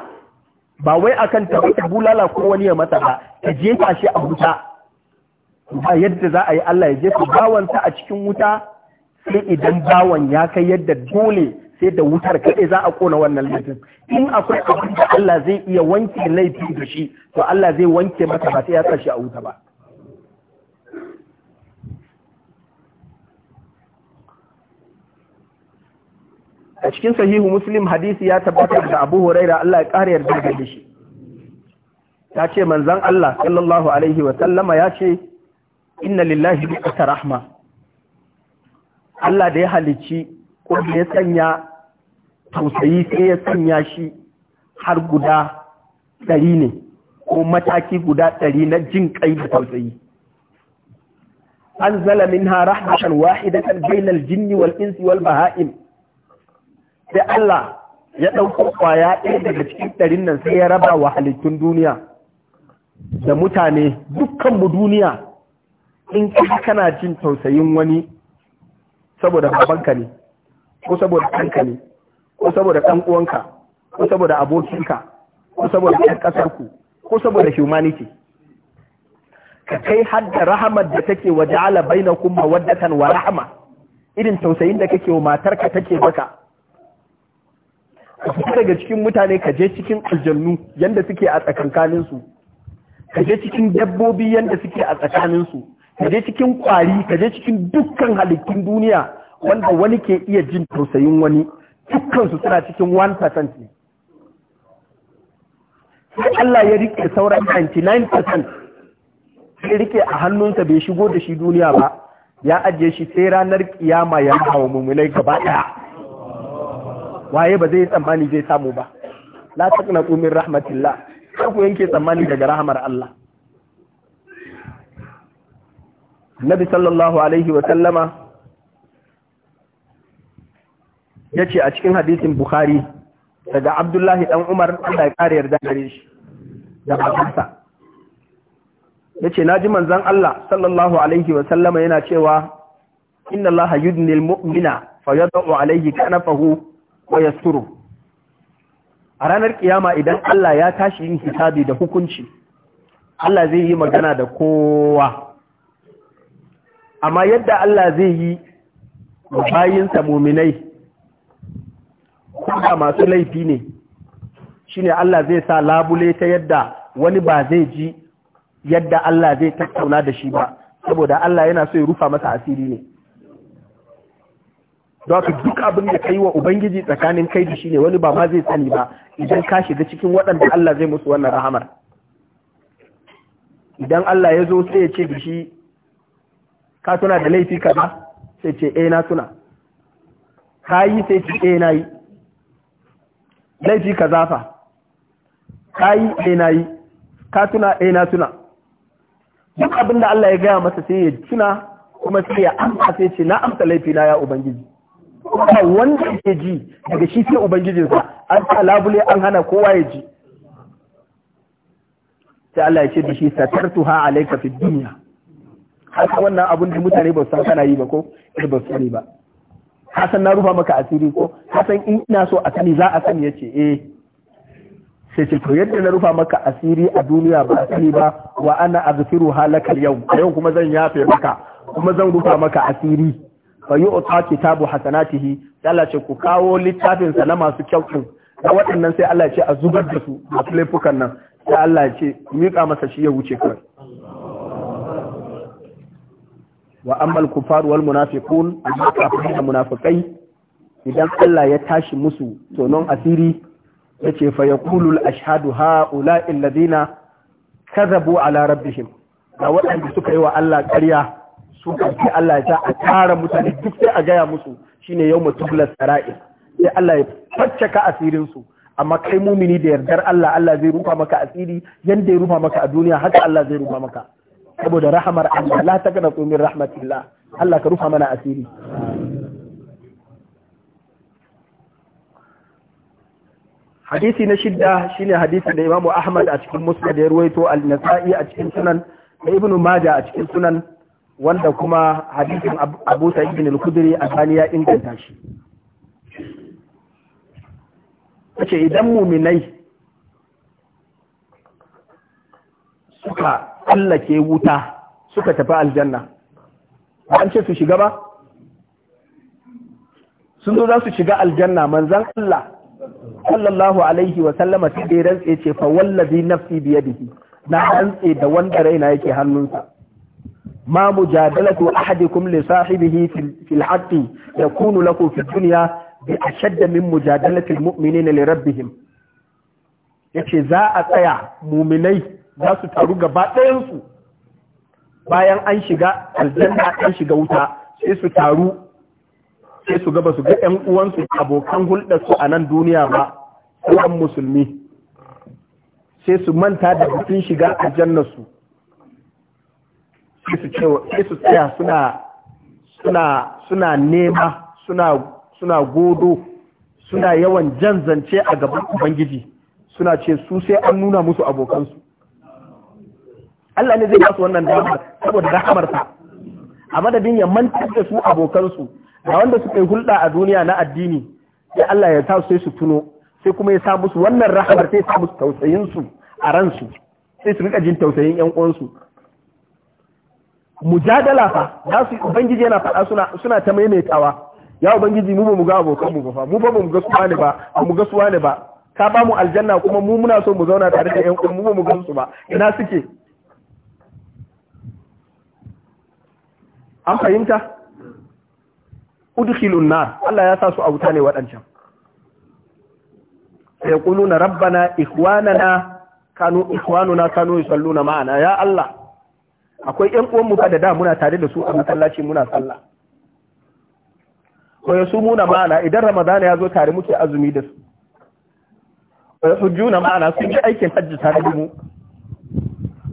ba wai akan ta bulala ko wani ya mata ba ta jefa shi a wuta ba yadda za a yi Allah ya jefa bawansa a cikin wuta sai idan bawan ya kai yadda dole sai da wutar kaɗai za a ƙona wannan laifin in akwai abin da Allah zai iya wanke laifi da shi to Allah zai wanke masa ba sai ya sa shi a wuta ba a cikin sahihu muslim hadisi ya tabbatar da abu huraira Allah ya ƙara yarda da shi ta ce manzan Allah sallallahu alaihi wa sallama ya ce inna lillahi bi rahma Allah da ya halicci ko da ya sanya tausayi sai ya sanya shi har guda ɗari ne ko mataki guda ɗari na jin kai da tausayi anzala minha rahmatan wahidatan bainal jinni wal insi wal baha'im sai Allah ya ɗauko kwaya ɗaya daga cikin ɗarin nan sai ya raba wa halittun duniya da mutane dukkanmu duniya in kana jin tausayin wani saboda babanka ne ko saboda kanka ne ko saboda ɗan uwanka ko saboda abokinka ko saboda ɗan ƙasarku ko saboda humanity ka kai hadda rahamar da take wa ja'ala bainakum mawaddatan wa rahama irin tausayin da kake wa matarka take baka ka fita daga cikin mutane ka je cikin aljannu yanda suke a tsakankaninsu ka je cikin dabbobi yanda suke a tsakaninsu Kaje cikin kwari kaje cikin dukkan halittun duniya wanda wani ke iya jin tausayin wani dukkansu suna cikin 1% ne sai Allah ya rike sauran 99% sai rike a hannunsa bai shigo da shi duniya ba ya ajiye shi sai ranar kiyama ya hawa mummunai gaba ɗaya waye ba zai tsammani zai samu ba la taqnatu qumir rahmatillah kar ku yanke tsammani daga rahmar Allah nabi sallallahu alaihi wasallama ya ce a cikin hadisin bukhari daga abdullahi dan umar da ya ƙara yarda gare shi da ƙasa ya ce na ji manzan allah sallallahu alaihi wasallama yana cewa inna allaha yudni almu'mina fa yad'u alaihi fahu wa yasturu a ranar kiyama idan allah ya tashi yin hisabi da hukunci allah zai yi magana da kowa amma yadda Allah zai yi bayinsa muminai kuma masu laifi ne shine Allah zai sa labule ta yadda wani ba zai ji yadda Allah zai tattauna da shi ba saboda Allah yana so ya rufa masa asiri ne don duk abin da ka yi wa ubangiji tsakanin kai da shi ne wani ba ma zai sani ba idan ka shiga cikin waɗanda Allah zai musu wannan rahamar idan Allah ya zo sai ya ce da shi ka tuna da laifi kaza sai ce eh na tuna ka yi sai ce eh na yi laifi kaza fa ka yi eh na yi ka tuna eh na tuna duk abin da Allah ya gaya masa sai ya tuna kuma sai ya amsa sai ce na amsa laifi na ya ubangiji kuma wanda ke ji daga shi sai ubangijinsa an sa labule an hana kowa ya ji sai Allah ya ce da shi satartuha alayka fid dunya haka wannan abun da mutane ba su san kana yi ba ko eh, ba su sani ba hasan na rufa maka asiri ko hasan in ina so a sani za a sani yace eh sai ce to yadda na rufa maka asiri a duniya ba a sani ba wa ana azfiru halaka yau a yau kuma zan yafe maka kuma zan rufa maka asiri fa yu'ta kitabu hasanatihi Allah ce ku kawo littafin sa na masu kyau da waɗannan sai Allah ce a zubar da su masu laifukan nan sai Allah ce miƙa masa shi ya wuce kan wa amal kufar wal munafiqun amma kafirai da munafikai idan Allah ya tashi musu tonon asiri yace fa yaqulu al ashhadu haula alladhina kadhabu ala rabbihim ga waɗanda suka yi wa Allah ƙarya su ƙarfi Allah ya a tara mutane duk sai a gaya musu shine yawma tubla sara'i sai Allah ya faccaka asirin su amma kai mumini da yardar Allah Allah zai rufa maka asiri yanda ya rufa maka a duniya haka Allah zai rufa maka saboda rahamar Allah la tsumin min rahmatillah Allah ka rufa mana asiri hadisi na shidda shine hadisi da imamu Ahmad a cikin da ya ruwaito al-Nasa'i a cikin Sunan da Ibn Majah a cikin Sunan wanda kuma hadisin Abu Sa'id al-Khudri a ya inganta shi idan muminai suka tsallake wuta suka tafi aljanna an ce su shiga ba sun zo za su shiga aljanna manzan Allah sallallahu alaihi wa sallama sai da rantse ce fa wallazi nafsi biyadihi na rantse da wanda raina yake hannunsa ma mujadalatu ahadikum li sahibihi fil haqqi yakunu lahu fid dunya bi ashadda min mujadalati al mu'minina li rabbihim yace za a tsaya muminai za su taru gaba ɗayansu bayan an shiga aljanna an shiga wuta sai su taru sai su gaba su ga 'yan uwansu abokan hulɗarsu a nan duniya ba sauran musulmi sai su manta da bikin shiga aljannarsu sai su tsaya suna nema suna suna godo suna yawan jan zance a gaban ubangiji suna ce su sai an nuna musu abokansu Allah ne zai basu wannan damar saboda rahamarsa a madadin ya mantar da su abokansu da wanda suka yi hulɗa a duniya na addini sai Allah ya sa sai su tuno sai kuma ya sa musu wannan rahamar sai ya sa a ransu sai su rika jin tausayin yan uwansu mujadala fa za su ubangiji yana faɗa suna suna ta maimaitawa ya ubangiji mu ba mu ga abokan mu ba fa mu ba mu ga suwa ne ba mu ga suwa ne ba ka ba mu aljanna kuma mu muna so mu zauna tare da yan uwan mu ba mu ga su ba ina suke an fahimta udkhilun nar Allah ya sa su a wuta ne waɗancan sai na rabbana ikhwanana kanu ikhwanuna kanu yusalluna ma'ana ya Allah akwai ƴan uwan mu da da muna tare da su a masallaci muna sallah wa yasumuna ma'ana idan ramadana ya zo tare muke azumi da su wa yahujjuna ma'ana sun yi aikin hajji tare da mu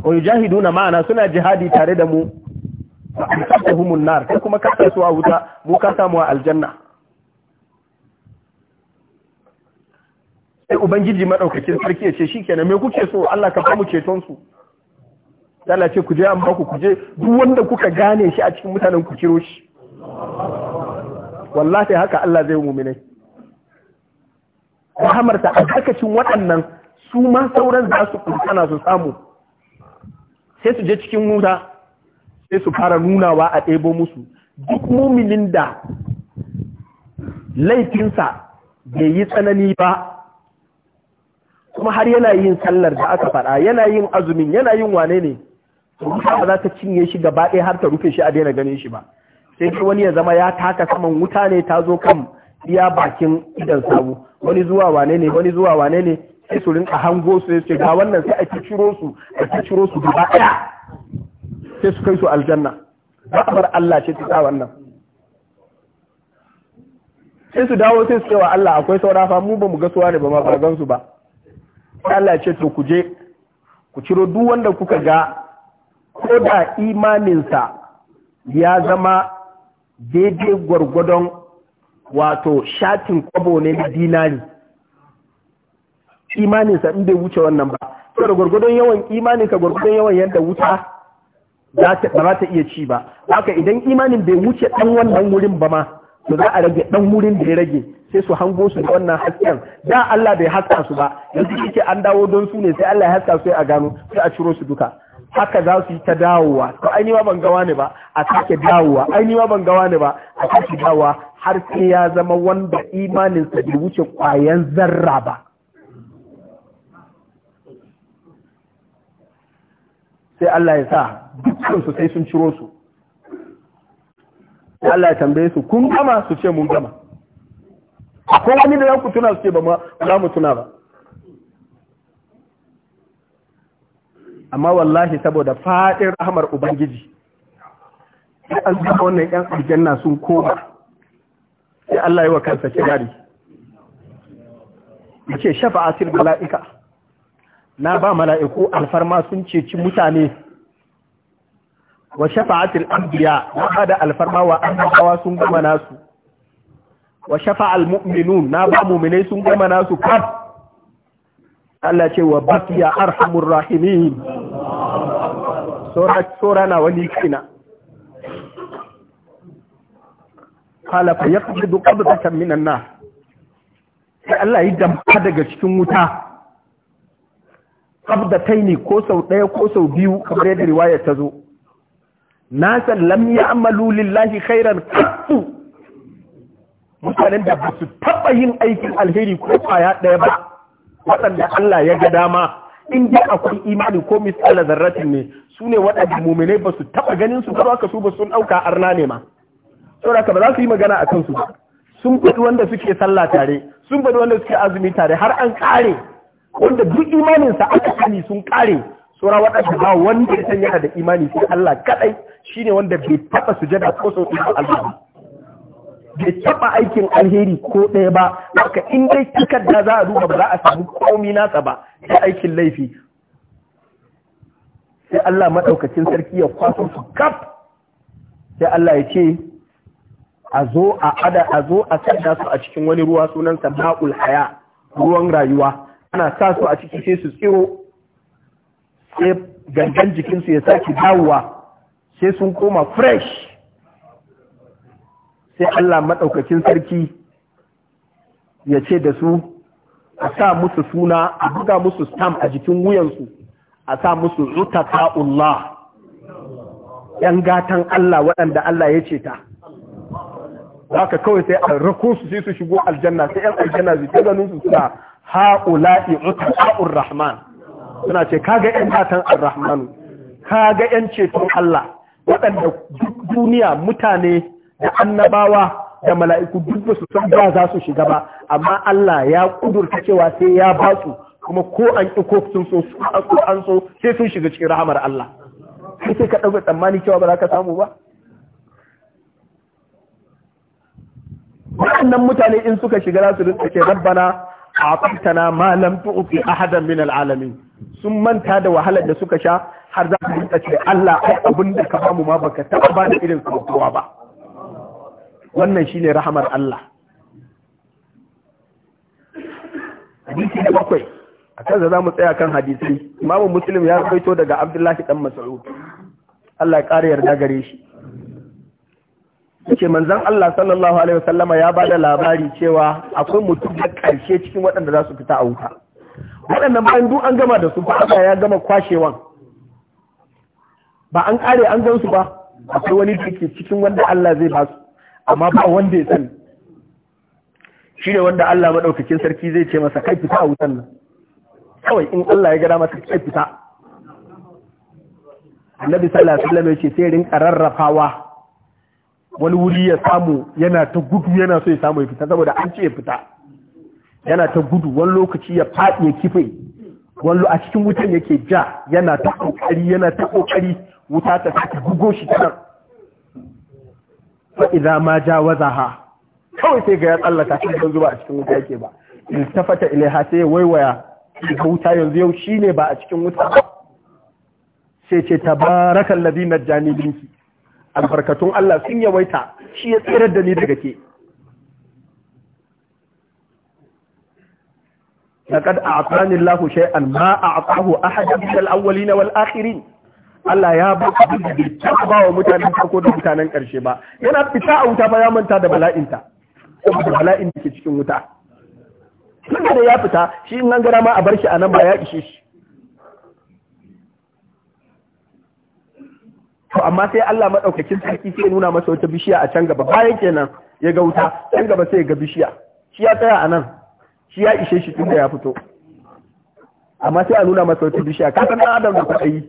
wa yujahiduna ma'ana suna jihadi tare da mu fa nar kai kuma ka a wuta mu ka samu a aljanna sai ubangiji madaukakin sarki ya ce shikenan me kuke so Allah ka famu ceton su Allah ce ku je an baku ku je duk wanda kuka gane shi a cikin mutanen ku kiro shi wallahi haka Allah zai mu'minai rahamar ta albarkacin waɗannan su ma sauran za su kuntana su samu sai su je cikin wuta sai su fara nunawa a ɗebo musu duk muminin da laifinsa bai yi tsanani ba kuma har yana yin sallar da aka faɗa yana yin azumin yana yin wane ne wuta ba za ta cinye shi gaba ɗaya har ta rufe shi a daina ganin shi ba sai dai wani ya zama ya taka saman wuta ne ta zo kan iya bakin idan sabu wani zuwa wane ne wani zuwa wane ne sai su rinka hango su ya ce, ga wannan sai a ciciro su a ciciro su gaba ɗaya sai su kai su aljanna a bar Allah ce ta wannan sai su dawo sai su cewa Allah akwai saura fa mu ba mu ga suwa ne ba ma ba su ba Allah ce to ku je ku ciro duk wanda kuka ga ko da imaninsa ya zama daidai gwargwadon wato shatin kwabo ne na dinari imaninsa in bai wuce wannan ba saboda gwargwadon yawan imaninka gwargwadon yawan yadda wuta ba za ta iya ci ba haka idan imanin bai wuce ɗan wannan wurin ba ma to za a rage ɗan wurin da ya rage sai su hango su da wannan hasken da Allah bai haska su ba yanzu kike an dawo don su ne sai Allah ya haska su a gano sai a ciro su duka haka za su yi ta dawowa to ai ma ban gawa ne ba a sake dawowa ai ma ban gawa ne ba a sake dawowa har sai ya zama wanda imaninsa bai wuce ƙwayan zarra ba sai Allah ya sa dukkan sai sun ciro su Allah ya tambaye su kun gama su ce mun gama akwai wani da ku tuna su ce ba za mu tuna ba amma wallahi saboda faɗin rahamar ubangiji sai an zama wannan yan aljanna sun koma sai Allah ya wa kansa kirari ya ce shafa'a mala'ika na ba mala'iku alfarma sun ceci mutane wa shafa'atul ambiya na ba da alfarma wa annabawa sun gama nasu wa shafa'al mu’minu na ba mu'minai sun gama nasu kaf Allah ce wa baqiya arhamur rahimin sura na wani kina qala fa ta qabdatan minan na. sai Allah ya damfa daga cikin wuta taini ko sau ɗaya ko sau biyu kamar yadda riwayar ta zo san lam ya'malu lillahi khairan qattu mutanen da ba su taɓa yin aikin alheri ko kwaya ɗaya ba waɗanda Allah ya ga dama in dai akwai imani ko misali zarratin ne su ne waɗanda muminai ba su taɓa ganin su kuma aka su ba sun ɗauka arna ne ma saboda ba za su yi magana a kansu ba sun faɗi wanda suke sallah tare sun faɗi wanda suke azumi tare har an ƙare wanda duk imaninsa aka sani sun kare sura waɗanda ba wanda ya san yana da imani sai Allah kadai shine wanda bai taɓa sujada ko sau ɗaya Allah bai taɓa aikin alheri ko ɗaya ba haka in dai takarda za a duba ba za a samu komi nasa ba sai aikin laifi sai Allah maɗaukacin sarki ya kwaso su kaf sai Allah ya ce a zo a ada a zo a sanya su a cikin wani ruwa sunan sa haya ruwan rayuwa ana sa su a ciki sai su tsiro sai gangan jikinsu ya sake dawowa sai sun koma fresh sai Allah maɗaukakin sarki ya ce da su a sa musu suna a buga musu stam a jikin wuyansu a sa musu utaka'ullah ‘yan gatan Allah waɗanda Allah ya ce ta ka kawai sai a rako su sai su shigo aljanna sai ‘yan aljanna zai ta ganin su suna ha'ula'i utaqa'ur rahman suna ce kaga yan matan arrahmanu Ka kaga yan ceton Allah waɗanda duniya mutane da annabawa da mala'iku duk ba su san ba za su shiga ba amma Allah ya ƙudurta cewa sai ya ba su kuma ko an ƙi sun so su an so sai sun shiga cikin rahamar Allah sai sai ka ɗauka tsammani cewa ba za ka samu ba waɗannan mutane in suka shiga za su rinka ce rabbana atana ma lam fi ahadan min alalamin sun manta da wahalar da suka sha har za su rinka ce Allah ai abun da ka bamu ma baka taba ba da irin kowa ba wannan shine rahamar Allah hadisi ne bakwai a kan za mu tsaya kan hadisi imamu muslim ya kaito daga abdullahi dan mas'ud Allah ya ƙara yarda gare shi ce manzan Allah sallallahu alaihi wasallama ya bada labari cewa akwai mutum da karshe cikin waɗanda za su fita a wuta waɗannan bayan duk an gama da su ba ya gama kwashewan ba an ƙare an gan su ba akwai wani da ke cikin wanda Allah zai ba su amma ba wanda ya sani shi ne wanda Allah maɗaukakin sarki zai ce masa kai fita a wutan nan kawai in Allah ya gada masa kai fita annabi sallallahu alaihi wasallam ya ce sai rinka rarrafawa wani wuri ya samu yana ta gudu yana so ya samu ya fita saboda an ce ya fita yana ta gudu wani lokaci ya faɗi ya kife wani a cikin wutan yake ja yana ta kokari yana ta kokari wuta ta sake gugo shi ta nan fa idza ma ha. kawai sai ga ya tsallaka shi don zuba a cikin wuta yake ba in tafata ilaiha sai ya waiwaya ga wuta yanzu yau shine ba a cikin wuta ba sai ce tabarakal ladina jani binki albarkatun Allah sun yawaita shi ya tsirar da ni daga ke laqad a'tani Allahu shay'an ma a'tahu ahadan min al-awwalin na akhirin Allah ya ba ku da ta ba wa mutanen farko da mutanen ƙarshe ba yana fita a wuta ba ya manta da bala'inta kuma da bala'in da ke cikin wuta Tun da ya fita shi in an gara ma a bar shi a nan ba ya ishe shi to amma sai Allah madaukakin sarki sai nuna masa wata bishiya a can gaba bayan kenan ya ga wuta can gaba sai ya ga bishiya shi ya tsaya a nan shi ya ishe shi tunda ya fito amma sai a nuna masa wata bishiya ka san adam da yi.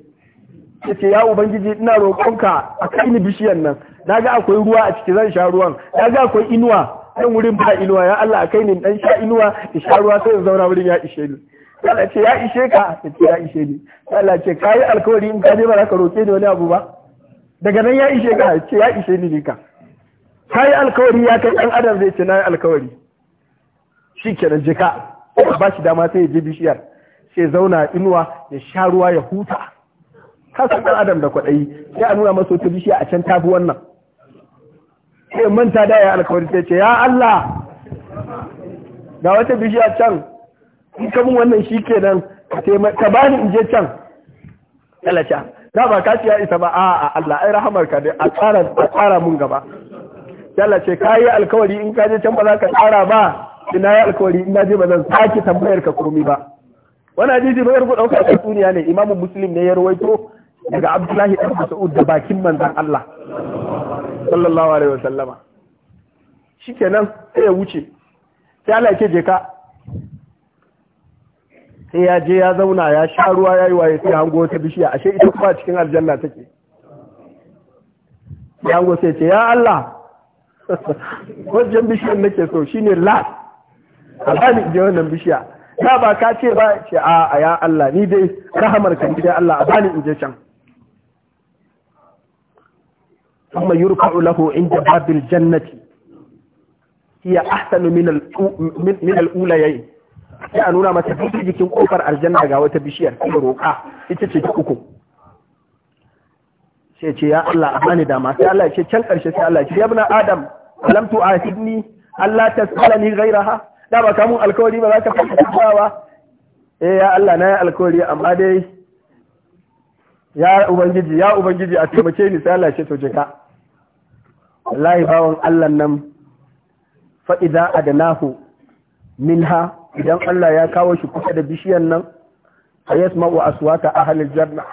ya ce ya ubangiji ina roƙonka a kai ni bishiyan nan na ga akwai ruwa a ciki zan sha ruwan na ga akwai inuwa dan wurin ba inuwa ya Allah a kai ni dan sha inuwa in sha ruwa sai in zauna wurin ya ishe ni Allah ce ya ishe ka ya ce ya ishe ni Allah ce kai alkawari in ka je ba za ka roƙe ni wani abu ba daga nan ya ishe ka ce ya ishe ni ka ka yi alkawari ya kai ɗan adam zai ce na yi alkawari shi kenan jika ba shi dama sai ya je bishiyar sai zauna inuwa ya sha ruwa ya huta kasan ɗan adam da kwaɗayi sai a nuna masa wata bishiya a can tafi wannan sai manta da ya alkawari sai ce ya Allah ga wata bishiya can in ka wannan shi kenan ka bani in je can da ba ka ya isa ba a Allah ai rahamar ka dai a tsara a tsara mun gaba yalla ce kai alkawari in ka je can ba za ka tsara ba ina ya alkawari ina je ba zan sake tambayar ka kurmi ba wani hadisi ba yarku dauka a duniya ne imamu muslim ne ya rawaito daga abdullahi ibn sa'ud da bakin manzan Allah sallallahu alaihi wa sallama shikenan sai ya wuce sai Allah ya je ka sai ya je ya zauna ya sha ruwa ya yi waye sai hango wata bishiya ashe ita kuma cikin aljanna take ya hango sai ce ya Allah wajen bishiyar nake so shine last a je wannan bishiya ta ba ka ce ba ce a ya Allah ni dai rahamar kan dai Allah abani in je can amma ثم يرفع jannati عند باب الجنة هي min al-ulayayn sai a nuna mata duk jikin kofar aljanna ga wata bishiyar ta roƙa ita ce ta uku sai ce ya Allah a bani dama sai Allah ya ce can karshe sai Allah ya ce ya ibn adam alam tu ahidni Allah tas'alani ghayraha da ba kamun alkawari ba za ka fara ba eh ya Allah na yi alkawari amma dai ya ubangiji ya ubangiji a taimake ni sai Allah ya ce to jika wallahi bawon Allah nan fa idza adnahu minha idan Allah ya kawo shi kusa da bishiyan nan a yasma'u aswata halin janna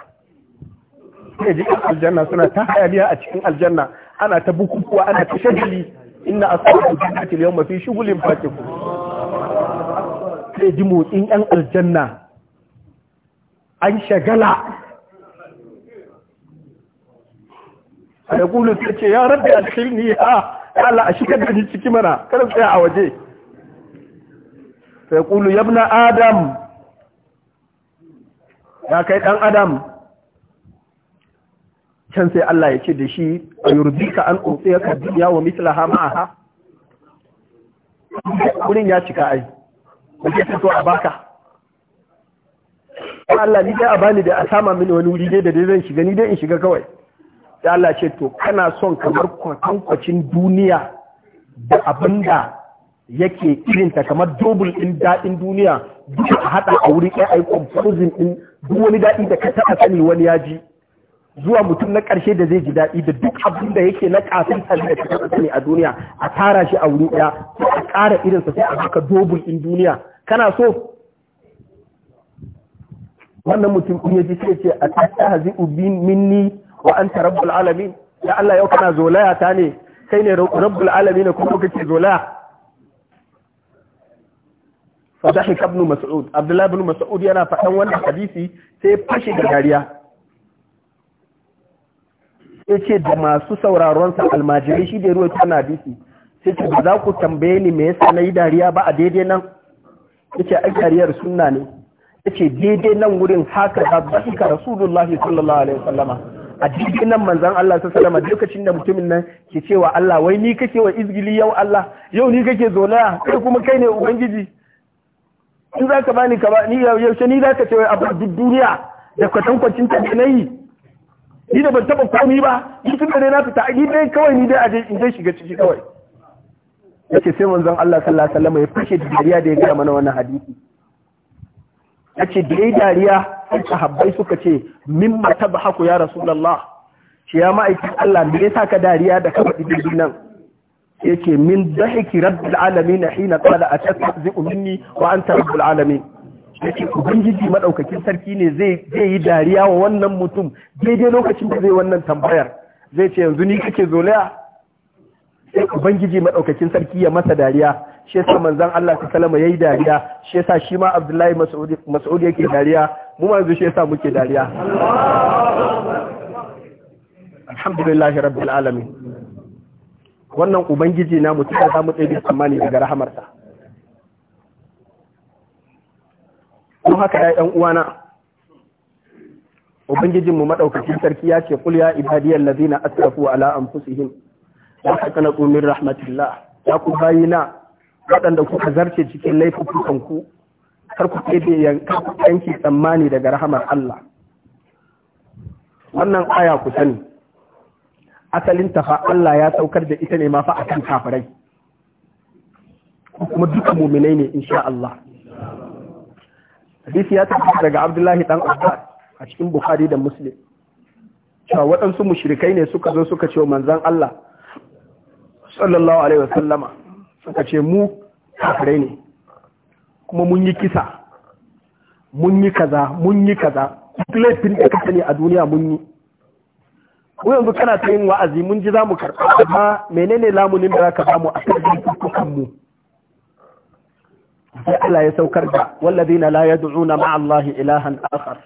sai ji aljanna suna ta hayaniya a cikin aljanna ana ta bukukuwa ana ta shagali a aswata jannati al-yawma fi shughulin fakihu sai ji motsin yan aljanna an shagala a ya kulu sai ce ya rabbi ya a Allah a shigar da ni ciki mana kada tsaya a waje sai kulu yabna adam ya kai ɗan adam can sai Allah ya ce da shi a yurdika an ƙotsiya ka duniya wa mislaha ma'aha wurin ya cika ai wace ta fito a baka Allah ni dai a bani da a sama mini wani wuri dai da dai zan shiga ni dai in shiga kawai ya Allah ce to kana son kamar kwatankwacin duniya da abin da yake ta kamar dobul ɗin daɗin duniya duk a haɗa a wuri ɗaya ai yi ɗin duk wani daɗi da ka taɓa sani wani ya ji zuwa mutum na ƙarshe da zai ji daɗi da duk abin da yake na kafin sani da ka sani a duniya a tara shi a wuri ɗaya ko a ƙara irinsa sai a haka dobul ɗin duniya kana so wannan mutum in ya ji sai ce a ubin minni wa anta rabbul alamin ya Allah yau kana zolaya ta ne kai ne rabbul alamin kuma kake zolaya fadahi ibn mas'ud abdullahi ibn mas'ud yana faɗan wannan hadisi sai fashi da dariya sai ce da masu sauraron sa almajiri shi da ruwa tana hadisi sai ce ba za ku tambaye ni me yasa nayi dariya ba a daidai nan yace ai dariyar sunna ne yace daidai nan wurin haka da bashika rasulullah sallallahu alaihi wasallama a cikin nan manzan Allah ta salama lokacin da mutumin nan ke cewa Allah wai ni kake wa izgili yau Allah yau ni kake zolaya kai kuma kai ne ubangiji in za ka bani ni kaba ni yaushe ni za ka ce abu duk duniya da kwatankwacin ta na yi ni da ban taba komi ba ni tun da na fita a dai kawai ni dai a in dai shiga ciki kawai Yake sai manzon Allah sallallahu alaihi wasallam ya fashe dariya da ya ga mana wannan hadisi yace da dariya sahabbai suka ce mimma tabhaku ya rasulullah shi ya ma'aikin Allah me yasa ka dariya da ka faɗi nan Yake min dahiki rabbil alamin hina qala atastahzi'u minni wa anta rabbul alamin yake ubangiji madaukakin sarki ne zai zai yi dariya wa wannan mutum daidai lokacin da zai wannan tambayar zai ce yanzu ni kake zolaya sai ubangiji madaukakin sarki ya masa dariya shi yasa manzon Allah ta ya yayi dariya shi yasa shi ma Abdullahi Mas'ud yake dariya mu ma yanzu shi yasa muke dariya alhamdulillahi rabbil alamin wannan ubangiji na mu cika ɗaya tsaye tsammani daga rahamarsa don haka ya ɗan uwana ubangijin mu madaukakin sarki ya ce kulya ibadiyar ibadiyal ladina asrafu ala anfusihim la taqnatu min rahmatillah ya ku bayina waɗanda kuka zarce cikin laifukan ku kar ku yanki tsammani daga rahamar Allah wannan aya ku sani asalin ta fa Allah ya saukar da ita ne ma fa a kan kafirai kuma duka muminai ne insha Allah hadisi ya tabbata daga Abdullahi dan Abbas a cikin Bukhari da Muslim cewa waɗansu mushrikai ne suka zo suka ce wa manzon Allah sallallahu alaihi wasallama suka ce mu kafirai ne kuma mun yi kisa mun yi kaza mun yi kaza duk laifin da ka sani a duniya mun yi ko yanzu kana ta yin wa'azi mun ji za mu karɓa amma menene lamunin da zaka bamu a kan dukkan mu sai Allah ya saukar da walladina la yad'una ma'a Allah ilahan akhar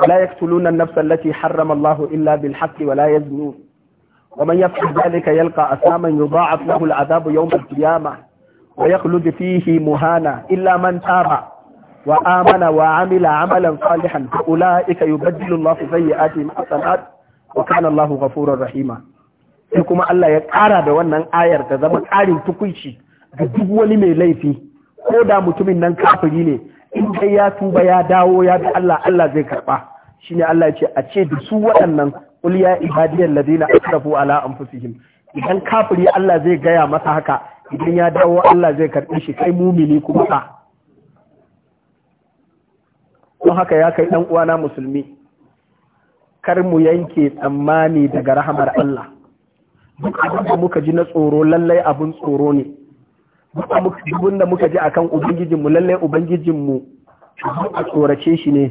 ولا يقتلون النفس التي حرم الله إلا بالحق ولا يزنون ومن يفعل ذلك يلقى أساما يضاعف له العذاب يوم القيامة ويخلد فيه مهانا إلا من تاب وآمن وعمل عملا صالحا فأولئك يبدل الله سيئاتهم حسنات wa kana Allahu ghafurur rahima sai kuma Allah ya ƙara da wannan ayar ta zama ƙarin tukunci ga duk wani mai laifi ko da mutumin nan kafiri ne in dai ya tuba ya dawo ya bi Allah Allah zai karba shine Allah ya ce a ce da su waɗannan qul ya ibadiyal ladina asrafu ala anfusihim idan kafiri Allah zai gaya masa haka idan ya dawo Allah zai karbi shi kai mumini kuma ka don haka ya kai ɗan uwana musulmi kar mu yanke tsammani daga rahamar Allah duk abin da muka ji na tsoro lallai abin tsoro ne duk abin da muka ji akan ubangijinmu lallai ubangijinmu a tsorace shi ne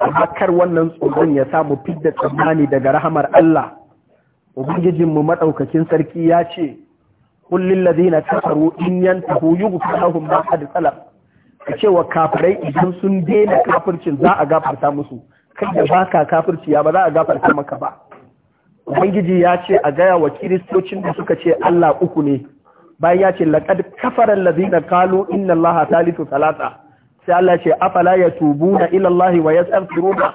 amma kar wannan tsoron ya samu fidda tsammani daga rahamar Allah ubangijinmu maɗaukakin sarki ya ce kullin ladina kafaru in yantahu yughfar lahum ma da salaf ka cewa kafirai idan sun daina kafircin za a gafarta musu kai da baka kafirci ya ba za a gafarta maka ba ubangiji ya ce a gaya wa kiristocin da suka ce Allah uku ne bayan ya ce laqad kafara allazina qalu inna allaha thalithu thalatha sai Allah ce afala yatubuna ila allahi wa yastaghfiruna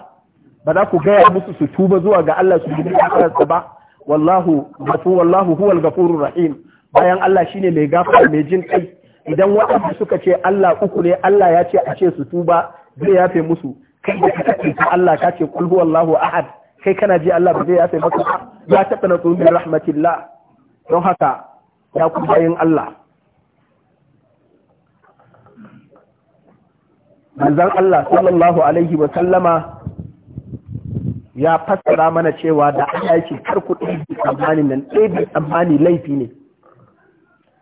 ba za ku gaya musu su tuba zuwa ga Allah su yi kafarsa ba wallahu wallahu huwal ghafurur rahim bayan Allah shine mai gafara mai jin kai idan waɗanda suka ce Allah uku ne Allah ya ce a ce su tuba zai yafe musu kai da ka kace Allah ka ce kul huwallahu ahad kai kana ji Allah ba zai yafe maka ba ya taɓa na tsumin rahmatillah don haka ya ku bayin Allah Manzan Allah sallallahu alaihi wa sallama ya fassara mana cewa da Allah yake kar ku ɗebi tsammani nan ɗebi tsammani laifi ne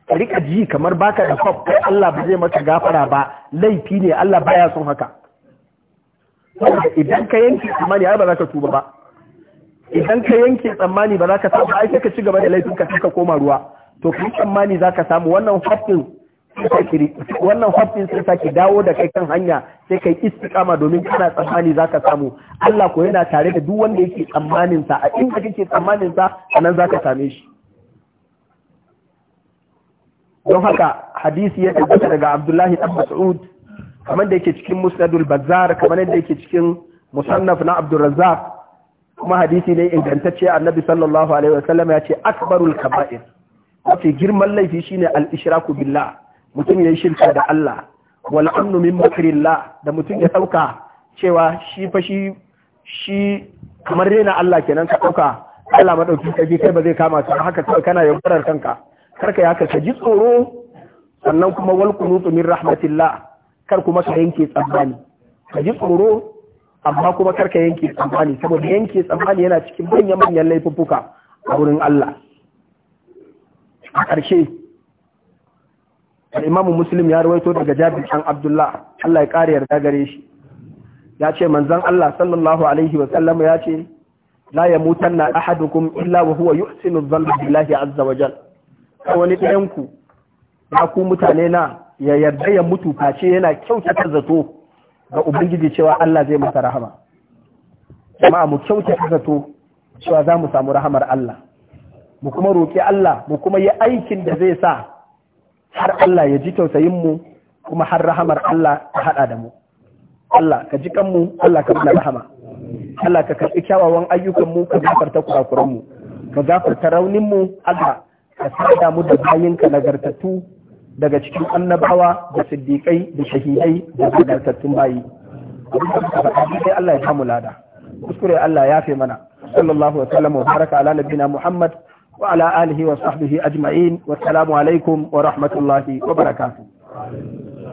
rika ji kamar baka da kwaf Allah ba zai maka gafara ba laifi ne Allah baya son haka idan ka yanke tsammani ai ba za ka tuba ba idan ka yanke tsammani ba za ka samu ai sai ka ci gaba da laifin ka ka koma ruwa to kai tsammani za ka samu wannan hafin wannan hafin sai sake dawo da kai kan hanya sai kai istiqama domin kana tsammani za ka samu Allah ko yana tare da duk wanda yake tsammanin sa a inda kake tsammanin sa anan za ka same shi don haka hadisi ya tabbata daga Abdullahi dan Mas'ud kamar da yake cikin musnadul bazzar kamar da yake cikin musannaf na abdurrazzaq kuma hadisi ne ingantacce annabi sallallahu alaihi wasallam ya ce akbarul kaba'ir mafi girman laifi shine al-ishraku billah mutum ya yi shirka da Allah wal amnu min makrillah da mutum ya dauka cewa shi fa shi shi kamar rena Allah kenan ka dauka Allah madauki kaji kai ba zai kama ka haka kai kana yaukarar kanka karka ya ka ji tsoro sannan kuma wal qunutu min rahmatillah kar kuma ka yanke tsammani ka ji tsoro amma kuma kar ka yanke tsammani saboda yanke tsammani yana cikin manyan manyan laifuffuka a wurin Allah a ƙarshe imam muslim ya rawaito daga jabir ɗan abdullah Allah ya ƙara yarda gare shi ya ce manzan Allah sallallahu alaihi wasallam ya ce la ya mutan na ahadukum illa wa huwa yuhsinu dhanna billahi azza wa jal wani ɗayanku ya ku mutane na ya yarda ya mutu face yana kyautata zato ga ubangiji cewa Allah zai masa rahama jama'a mu kyautata zato cewa za mu samu rahamar Allah mu kuma roƙi Allah mu kuma yi aikin da zai sa har Allah ya ji tausayin mu kuma har rahamar Allah ta hada da mu Allah ka ji kanmu Allah ka mana rahama Allah ka karbi kyawawan ayyukan mu ka gafarta kurakuran mu ka gafarta raunin mu Allah ka sada mu da bayinka nagartattu daga cikin annabawa da siddiƙai da shahidai da nagartattun bayi sai Allah ya samu lada kuskure Allah ya fi mana sallallahu wa sallam wa baraka ala nabina Muhammad wa ala alihi wa sahbihi ajma'in wa alaikum wa rahmatullahi wa barakatuh